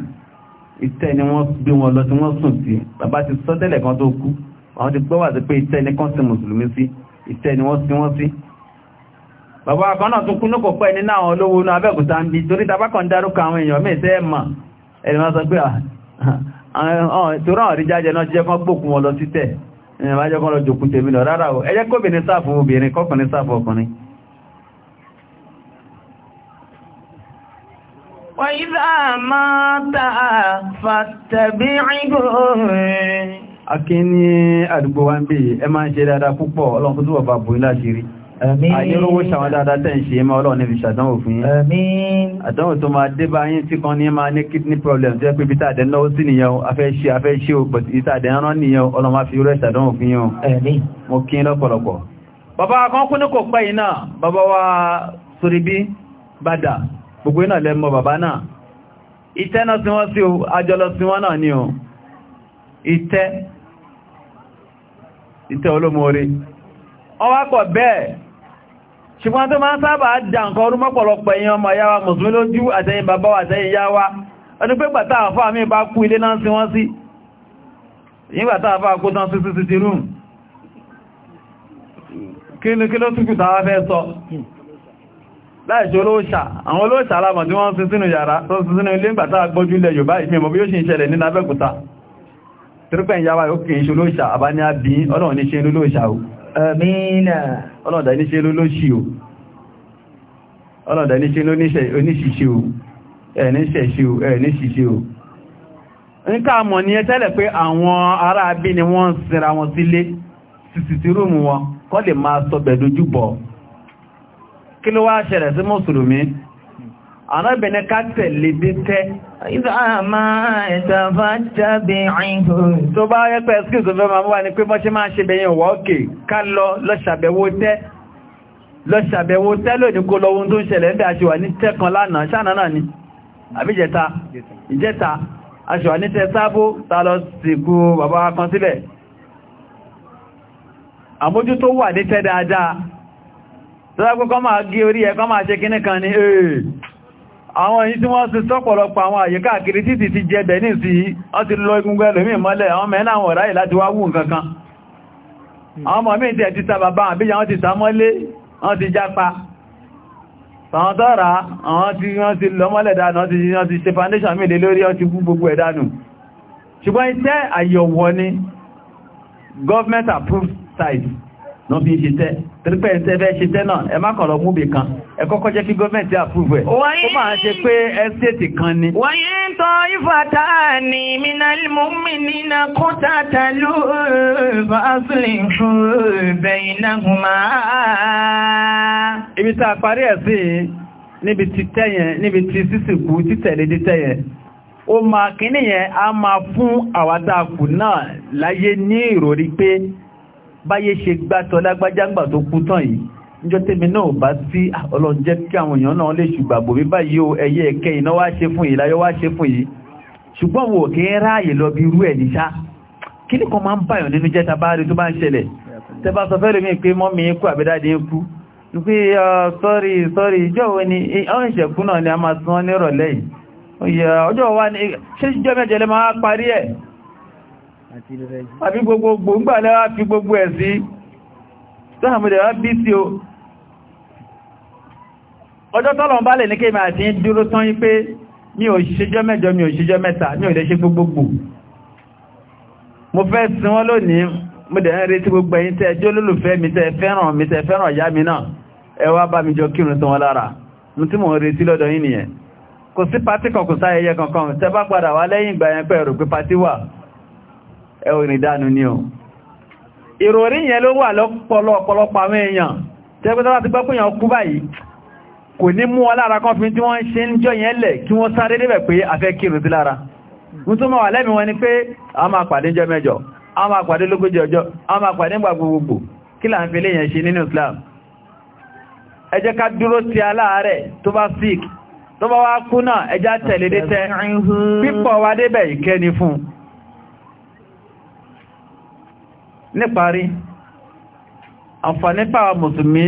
[SPEAKER 1] ìtẹ́ ni wọ́n gbé wọn lọ tí wọ́n sùn sí bàbá ti sọ tẹ́lẹ̀ kan tó kú àwọn ti gbọ́wà sí pé ìtẹ́ ni kan sí mùsùlùmí sí ìtẹ́ ni wọ́n sí wọ́n sí bàbá kan náà tún kú ní kò pẹ́ nínú àwọn olówó inú Abẹ́òkúta ń bi torí tabákan dárúkọ àwọn èèyàn mẹ́ẹ̀ẹ́ mà ẹni wọ́n sọ pé ah, ah, ah, torí àwọn ìjájẹ náà jẹ́ kan gbókun wọn lọ sí tẹ̀ ẹni wọ́n jẹ́ kan lọ jòkú tèmi lọ rárá o kóbìnrin sáàfù obìnrin kọ́kùnrin sáàfù ọkùnrin
[SPEAKER 2] وإذا مات فاتبعه
[SPEAKER 1] akíní àdúgbò wa ń bí ẹ máa ń ṣe dáadáa púpọ̀ ọlọ́run tó túbọ̀ bá bò ní láṣìírí àyẹ́rọwó ṣàwọn dáadáa tẹ́ ń ṣe máa ọlọ́run níbi ṣàdánwò fún yín àdánwò tó máa dé bá yín tí kan ní máa kidney problem tó jẹ́ pé bíta àdẹ́ náwó sí nìyẹn afẹ́ ṣe afẹ́ ṣe ò bọ̀tí bíta àdẹ́ rán nìyẹn ọlọ́run máa fi rẹ̀ ṣàdánwò fún yín mo kí lọ́pọ̀lọpọ̀ bàbá kan kú ní kò pẹ́ yìí wa sórí bí gbogbo iná lẹ́mọ bàbá náà ìtẹ́ náà tí wọ́n sí o ajọ́lọ sí wọ́n náà ni o ìtẹ́ ìtẹ́ olómoore wọ́n wá pọ̀ bẹ́ẹ̀ ṣùgbọ́n tó máa sábà dà nǹkan orú mọ́pọ̀lọpọ̀ èyàn ọmọ ìyá wa mùsùlùmí lójú àtẹ̀yìn bàbá wa àtẹ̀yìn ìyá wa ọdún pé gbàtà àfá mi bá kú ilé náà sí wọ́n sí ìgbàtà àfá kú tán sí sí sí rúùn kí ló túnkù tàwà fẹ́ sọ láìṣe olóòṣà àwọn olóòṣà alámọ̀ tí wọ́n sin sínú yàrá tó sin sínú ilé ìgbàtà gbójúlẹ̀ Yorùbá ìfihàn bí ó ṣe ń ṣẹlẹ̀ ní Abẹ́òkúta tírípẹ̀ ìyáwá yóò kìí ṣe olóòṣà àbá ní àbí Ọlọ́run ní ṣe olóòṣà o ọlọ́dà ní ṣe olóòṣì o ọlọ́dà ní ṣe oníṣìṣẹ́ o ẹ̀ní ṣẹ̀ṣẹ́ o ẹ̀ní ṣìṣẹ́ o nǹkan àmọ̀ ní kí ló wá ṣẹlẹ̀ sí mùsùlùmí arábìnrin ká tẹ̀lé bí tẹ́ ìdáàmà ìtàfà tàbí ìhùn tó bá yẹ́ pẹ́ skills of ẹmà wà ní pé bọ́ ṣe máa ṣe bẹ̀yìn wọ́ọ̀kì ká lọ lọ́ṣàbẹ̀wò tẹ́ lọ́ṣàbẹ̀wò tẹ́ lónìí kó lọ ohun tó ń ṣẹlẹ̀ bí aṣíwà ní tẹ́kan lánàá ṣánà tọ́lápù kọ́ máa gé orí ẹ̀ kọ́ máa ṣe kíní kan ní ẹ̀ẹ́ eh. àwọn èyí tí wọ́n ti sọ́pọ̀lọpọ̀ àwọn àyè káàkiri títì ti jẹ́bẹ̀ ní sí wọ́n ti lọ egungun ẹlòmí mọ́lẹ̀ àwọn mẹ́rin àwọn ọ̀ráyè láti wá wù nǹkankan àwọn ọmọ mí ti ta bàbá àbíyà wọ́n ti ta mọ́lé wọ́n ti jápa àwọn tọ́ra àwọn tí wọ́n government approved site náà fi ṣe tẹ́ torípẹ́ ẹ̀ tẹ́fẹ́ ṣe tẹ́ náà ẹ má kọ̀rọ̀ mú bì kan ẹ kọ́kọ́ jẹ́ kí gọ́ọ̀mẹ̀ntì àpúrúfù ẹ̀ ó máa ṣe pé ẹ́sẹ̀tì kan ni. wáyé
[SPEAKER 2] ń tọ́ ìfàtà ní mínálímùmí nínà kúta tàlú fásilìn fún bẹ̀yìn náà
[SPEAKER 1] máa. ibi tá a parí ẹ̀ sí níbi ti tẹ́yẹn níbi ti sísìnkú títẹ̀lé títẹ̀yẹn ó máa kíní yẹn á máa fún àwádáàkù náà láyé ní ìròrí pé báyé ṣe gbátọ̀ lágbájágbà tó kú tán yìí níjọ́ tèmi náà bá sí ah, Ọlọ́run jẹ́ kí àwọn èèyàn náà lè ṣùgbàgbò bí báyìí o ẹyẹ ẹ̀kẹ́ iná wá ṣe fún yìí láyọ́ wá ṣe fún yìí ṣùgbọ́n wò kí ń ráàyè lọ bí irú ẹ̀ níṣá kí ní kan máa ń báyàn nínú jẹ́ tabárí tó bá ń ṣẹlẹ̀ tẹbá sọ fẹ́ lómi pé mọ́mí ikú àbídáde ń kú pé sọ́rí ah, sọ́rí ìjọ́ wo ni ọ̀hún ìṣẹ̀kú náà ni a máa san nírọ̀lẹ́ yìí ọjọ́ wa ni ṣé ìjọ́ mẹ́jọ máa parí ẹ̀ àbí gbogbo gbòǹgbà lẹ́wà fi gbogbo ẹ̀ sí sáàmùdẹ̀ wá bí sí o ọjọ́ tọ́lọ̀ bá lè ní kí máa ti ń dúró tán yí pé mi ò ṣíjọ́ mẹ́jọ mi ò ṣíjọ́ mẹ́ta mi ò lè ṣe gbogbogbò mo fẹ́ sin wọ́n lónìí mo dẹ̀ ń retí gbogbo ẹ̀yin tẹ́ ẹjọ́ lólùfẹ́ mi tẹ́ fẹ́ràn mi tẹ́ fẹ́ràn ìyá mi náà ẹ wá bá mi jọ kírun tán wọn lára mo tí mo ń retí lọ́dọ̀ yín nìyẹn kò sí pátí kankan sáyẹyẹ kankan tẹ́ bá padà wá ẹwọ ìrìndánù ní o ìròrí yẹn ló wà lọ́pọ̀lọ́ ọ̀pọ̀lọpọ̀ àwọn èèyàn tẹ́gbẹ́ta láti gbọ́ pèèyàn kú báyìí kò ní mú ọlára kan fi tí wọ́n ṣe ń jọ yẹn lẹ̀ kí wọ́n sáré níbẹ̀ pé afẹ́ kírù sí lára ń tó mọ̀ wà lẹ́mí wọn ni pé a máa pàdé jọ mẹ́jọ a wá kú náà ẹ tẹ̀lé dé tẹ́ pípọ̀ wá débẹ̀ ìkẹ́ni fún un níparí àǹfàní pàwà mùsùlùmí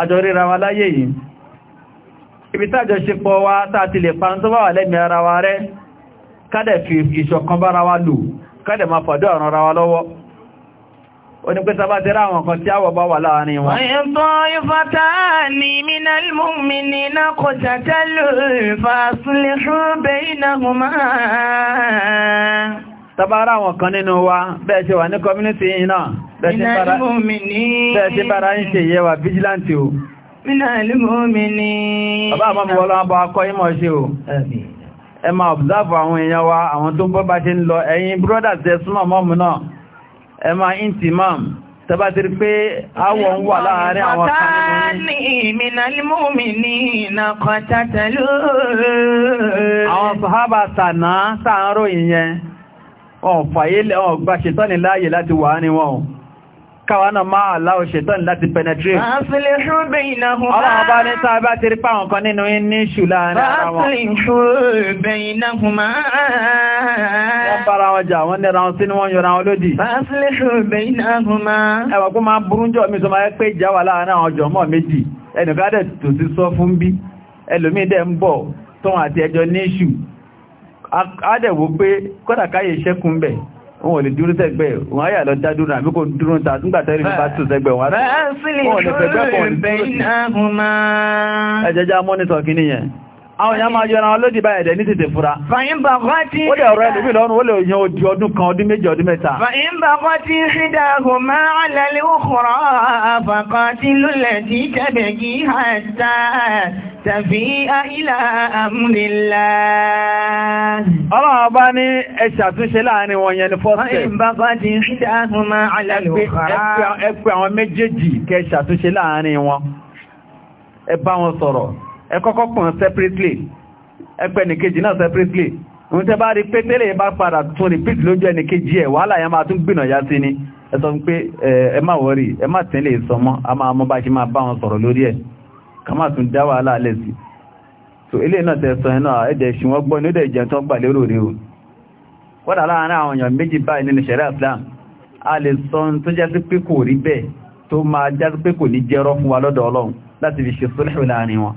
[SPEAKER 1] àjọríra wa láyé yìí ibi tájọ ṣe pọ̀ wa tàà ti lè pa ń tó bá wà lẹ́mìí ara wa rẹ́ kádẹ̀ fi ìṣọ̀kan bára wa lò kádẹ̀ ma fọ̀dọ̀ ọ̀ràn ra wa lọ́wọ́ onípẹ́ta bá tẹ́rà àwọn kan tí àwọ̀ bá wà láàrin wọn tàbára àwọn kan nínú wa bẹ́ẹ̀ ṣe wà ní community yìí bẹ́ẹ̀ ṣe bára ń ṣe yẹwà vigilante o Mínà ìlúmọ́mí ni. Bàbá àmọ́mù wọ́n lọ́wọ́ bọ́ akọ́ ìmọ̀ ṣe o. Ẹ máa observe àwọn èèyàn wa, àwọn tó ń bọ́ bá ṣe ń lọ, ẹ̀yin brothers ọ̀fàyílẹ̀ ọ̀gbà ṣetán láàyè láti wà ní wọn káwàánà máa aláwọ̀ ṣetán láti penetrate. Fàásìlẹ̀ṣù bẹ̀yìn náà hùn máa. Ọlọ́run bá ní sáà bá ti rí pàwọn kan nínú ní ṣù láàrin ara wọn. Fàásìlẹ̀ṣù bẹ̀yìn náà hùn máa. Wọ́n bára wọn jà, wọ́n nẹ́ra wọn sínú wọn yọra wọn lódì. Fàásìlẹ̀ṣù bẹ̀yìn náà hùn máa. Ẹwà kó máa burú jọ mi tó máa pé ìjà wà láàrin àwọn ọjọ́ mọ́ méjì. Ẹnìkan àádẹ̀wò pé kọ́dàkáyè ṣẹ́kùn bẹ̀ wọn ò lè dúró sẹ́gbẹ́ wọn ayà lọ dá dúró àbíkò dúró ta nígbàtẹ́rì bá tó sẹ́gbẹ́ wọn lè fẹ́gbẹ́ pọ̀ àwọn èèyàn máa yọra ọlọ́dì bá ẹ̀dẹ̀ ní tètè fura. fàyínbà kọ́ tí ó dẹ̀ ọ̀rọ̀ ẹlùmí lọ́rùn ó lè yan odi ọdún kan ọdún méjì ọdún mẹ́ta.
[SPEAKER 2] fàyínbà kọ́ tí ṣídàgò máa alẹ́lẹ́ òkúrọ̀ àfàkọ́ tí lólẹ̀ tí tẹ́bẹ̀ kí hàtà tàbí àìlà
[SPEAKER 1] bá wọn yẹn ẹ kọ́kọ́ pọ̀n separately ẹ pè ẹnìkejì náà separately òun tẹ́ bá rí pé tẹ́lẹ̀ bá padà tún repeat lójú ẹnìkejì ẹ̀ wàhálà yẹn máa tún gbìnà yá sí ni ẹ sọ pé ẹ má wọrí ẹ má tẹ́lẹ̀ sọmọ́ a máa mọ́ bá ṣe máa bá wọn sọ̀rọ̀ lórí ẹ̀ ká má tún dá wàhálà alẹ́ sí so ilé náà tẹ́ sọ ẹ̀nà ẹ̀dẹ̀ ṣì wọ́n gbọ́ ní ó dẹ̀ jẹun tó gbà lérò rí o wọ́n láàárín àwọn èèyàn méjì báyìí nínú ṣẹ̀rẹ́ Islam a lè sọ tó jẹ́ sí pé kò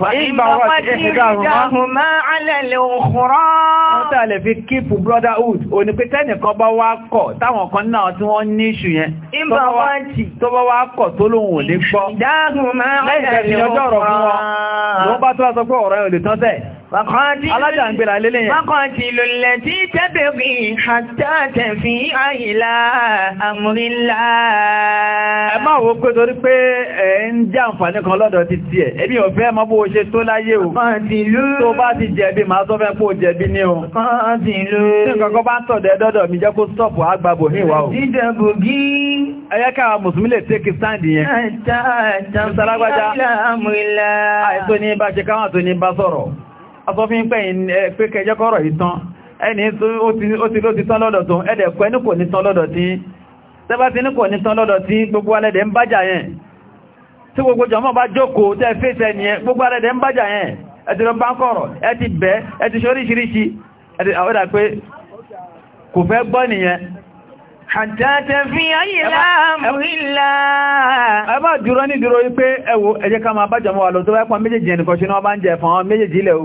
[SPEAKER 1] Fàígbà wà sí ẹ̀ṣẹ̀dáhùnmá alẹ́lẹ̀ òkúrọ́. Wọ́n tààlẹ̀ fi kíìpù brotherhood, òní pé tẹ́nìkan bá wá kọ̀ táwọn kan náà tí wọ́n ní ìṣù yẹn. Ìbà wá jì. Tó bá wá kọ̀ tó lóhun ò lè gbọ́. Ìdáhùnmá alẹ́lẹ̀ òkúrọ́. Lẹ́yìn Alájàngbèrà lélẹ̀ yẹn. Wákọ̀tí
[SPEAKER 2] ló lẹ̀ tí tẹ́bẹ̀rì àtàtẹ̀ fi àìlà àmúrílà.
[SPEAKER 1] Ẹ máa wo pé torí pé ẹ ń jẹ́ àǹfààní kan lọ́dọ̀ ti tiẹ̀. Èmi ò fẹ́ mọ̀ bó o ṣe tó láyé o. Wákọ̀tí ló. Tó bá ti jẹ̀bi, màá sọ fẹ́ asọ́fin pé kẹjẹ́ kọ́rọ̀ ìtàn ẹni ó ti ló ti tán lọ́dọ̀ tó ẹ̀dẹ̀kọ́ ẹni kò ní tán lọ́dọ̀ tí tẹ́bá ti ní kò ní tán lọ́dọ̀ tí gbogbo alẹ́dẹ̀ ń bájà yẹn tí gbogbo jọmọ́ bá jókòó tẹ́ fẹ́sẹ̀ ní dúró wípé ẹwò ẹ ká máa bájọmọ́ wà lọ tó bá pọn méjèèjì ẹnìkan ṣe ń jẹ fún àwọn méjèèjì ilẹ̀ o.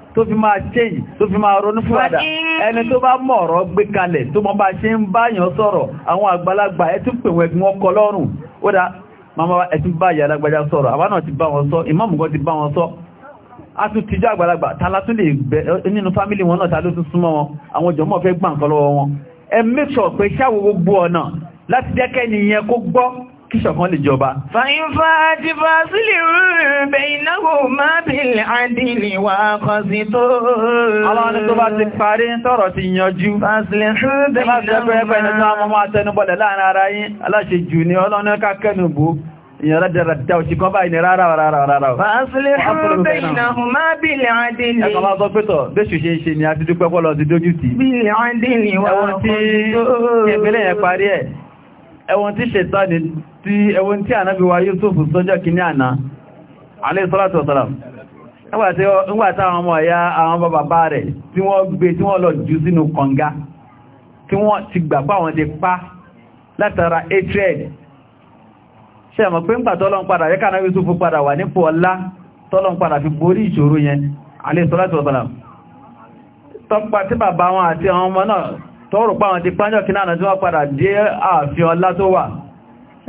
[SPEAKER 1] tó fi máa change tó fi máa ronú fúradà ẹni tó bá mọ̀ ọ̀rọ̀ gbé kalẹ̀ tó mọ́ bá ṣe ń báyàn sọ̀rọ̀ àwọn àgbàlagbà ẹ tún pè wọn ẹgbùn ọkọ̀ lọ́rùn ó dá mama ẹ tún bá ìyá alágbàjá sọ̀rọ̀ àwọn náà ti bá wọn sọ ìmáàmù kan ti bá wọn sọ a tún tijọ́ àgbàlagbà tala tún lè bẹ nínú fámílì wọn náà ta ló tún súnmọ́ wọn àwọn jọmọ́ fẹ́ gbà nǹkan lọ́wọ́ wọn ẹ make sure pé ṣáwo gbogbo ọ̀nà láti jẹ́kẹ́ nìyẹn kó gbọ́ kíṣọ̀kan lè jọba.
[SPEAKER 2] fàyínfà àti fàásílì rúrùbẹ̀ ìnáwó máa bí àdìlì wà kọ́ sí tó. aláwọn tó bá ti
[SPEAKER 1] parí tọ́rọ̀ ti yanjú. fàásílì rúrùbẹ̀ ìnáwó ìyànrá dára dá òṣì kan báyìí ní rárá rárá rárá fàásílẹ̀ ṣùgbọ́n bẹ́yìn náà
[SPEAKER 2] máa bílẹ̀ àdínlẹ̀ ẹ̀kọ́ máa
[SPEAKER 1] sọ pẹ́tọ̀ bẹ́ṣù ṣe ṣe ni a ti dúpẹ́ pọ́lọ̀ ti dójú ti bílẹ̀ àdínlẹ̀ wà ẹwọ́n tí ṣètàní tí ẹwọ́n tí ànábì wa Yusuf sọ́jọ́ kìíní àná alayhi salatu wa salam nígbàtí àwọn ọmọ ọ̀yá àwọn bàbá rẹ̀ tí wọ́n gbé tí wọ́n lọ jù sínú kànga tí wọ́n ti gbà pa àwọn ti pa látara hatred ṣe mọ̀ pé ń pà tọ́lọ́n padà rẹ̀ kànáà Yusuf padà wà nípò ọlá tọ́lọ́n padà fi borí ìṣòro yẹn alayhi salatu tọ́rọ pa àwọn ti pánjọ́ kí náà tí wọ́n padà dé ààfin ọlá tó wà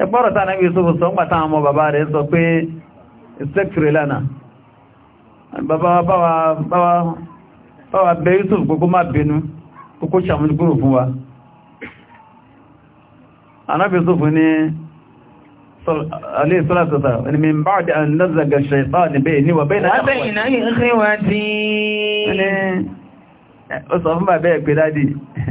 [SPEAKER 1] ẹgbọ́rọ̀ tàà náà Yusuf sọ ń pàtà àwọn ọmọ bàbá rẹ̀ sọ pé ìsẹ́kìrì lánà bàbá bẹ Yusuf gbogbo má bínú kókó sàmúlùkúrò fún wa anábi Yusuf ní عليه الصلاة والسلام من بعد أن نزق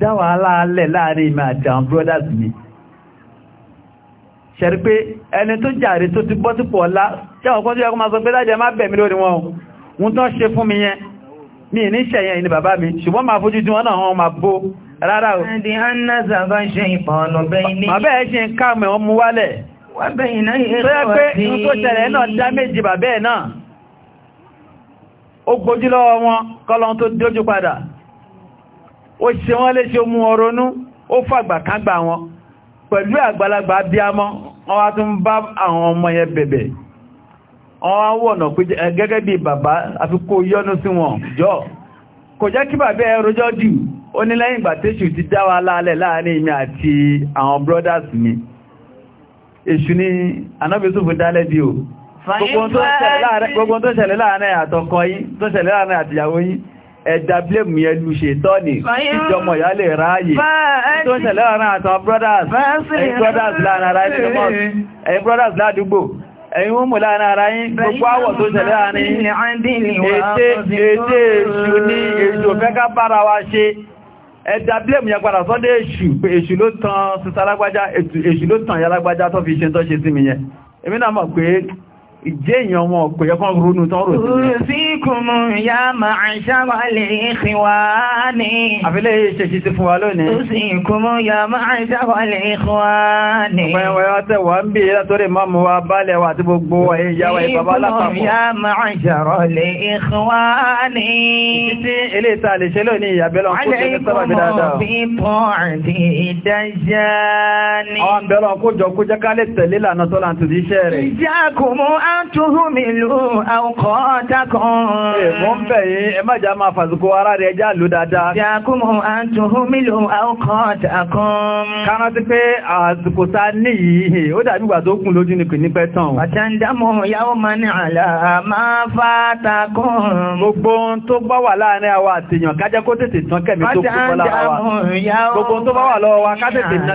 [SPEAKER 1] dá wàhálà alẹ́ láàrin ìmẹ̀ àti àwọn brothers mi ṣẹ̀rí pé ẹni tó jàre tó ti bọ́ tí pọ̀ ọlá jẹ́wọ̀n kan tó yẹ kó máa sọ pé lájẹ má bẹ̀mí lórí wọn ohun tán ṣe fún mi yẹn mi ní ṣẹ̀yẹn ni bàbá mi ṣùgbọ́n máa fojú tí wọ́n náà wọ́n máa ó ṣe wọ́n léṣe mú ọrọ̀nú ó fàgbàkágbà wọn pẹ̀lú àgbàlagbà bí a mọ́ wọ́n wá tún bá àwọn ọmọ yẹn bẹ̀bẹ̀ wọ́n wá wọ̀nà gẹ́gẹ́ bí bàbá àfi kó yọ́nú sí wọn jọ kò jẹ́ kí bàbá ẹ dì ó ní lẹ́yìn ìgbà tẹ́ṣù ti dá wa lálẹ̀ láàrin mi àti àwọn brothers mi èṣù ni anábẹ́sùfù dálẹ́ di o gbogbo tó ṣẹlẹ̀ láàrin àtọkọ yín tó ṣẹlẹ̀ láàrin àtìyàwó yín ẹ̀dà blẹ́mù ya lù ṣe tọ́ni ìjọmọ̀ ìyá lè ráyè tó ń tẹ̀lẹ́ ọ̀rán àtàn brothers ẹ̀yìn brothers láàrin ara ẹ̀yìn brothers ládùúgbò ẹ̀yìn wọ́n láàrin ara yín gbogbo àwọ̀ tó tẹ̀lẹ́ àárín ètè èṣù ní èṣù wa ṣe ìjẹ́ èèyàn wọn kò yẹ kán ronú tán rò
[SPEAKER 2] sí kùnmù ya máa ṣàwálẹ̀ ìkìwà ní
[SPEAKER 1] àfilẹ́ ìṣẹ̀ṣì ti fún wa lónìí sí
[SPEAKER 2] kùnmù ya máa ṣàwálẹ̀ ìkìwà ní ọ̀pẹ̀wẹ̀
[SPEAKER 1] ọ̀tẹ̀ wà ń bí látorí mọ́mù wa bálẹ̀ wà tí gbogbo ẹ̀yà wa ìbàbá lápapọ̀ ya
[SPEAKER 2] máa ṣàwálẹ̀ ìkìwà ní títí ilé
[SPEAKER 1] ìta lè ṣe lónìí ìyàbẹ́lọ́ kó jẹ́ sábàbí dáadáa túhùmìlú àwùkọ́ dákan. Èmú ń bẹ̀ yí, ẹ má jà máa fàzùkú ara rẹ̀ já lò dáadáa. Yàkúmù à ń túhùmìlú àwùkọ́ dákan. Kára ti pé àsìkò tá ní yìí, ó dàbí ìgbà tó kún lójú ni kò ní pẹ́ tán. Àtàndámù yàwó
[SPEAKER 2] máa ní àlà máa fà takùn.
[SPEAKER 1] Gbogbo ohun tó bá wà láàárín àwa àtìyàn ká jẹ́ kó tètè tán kẹ́mi tó kú bọ́ lára wa. Gbogbo ohun tó bá wà lọ́wọ́ wa ká tètè ná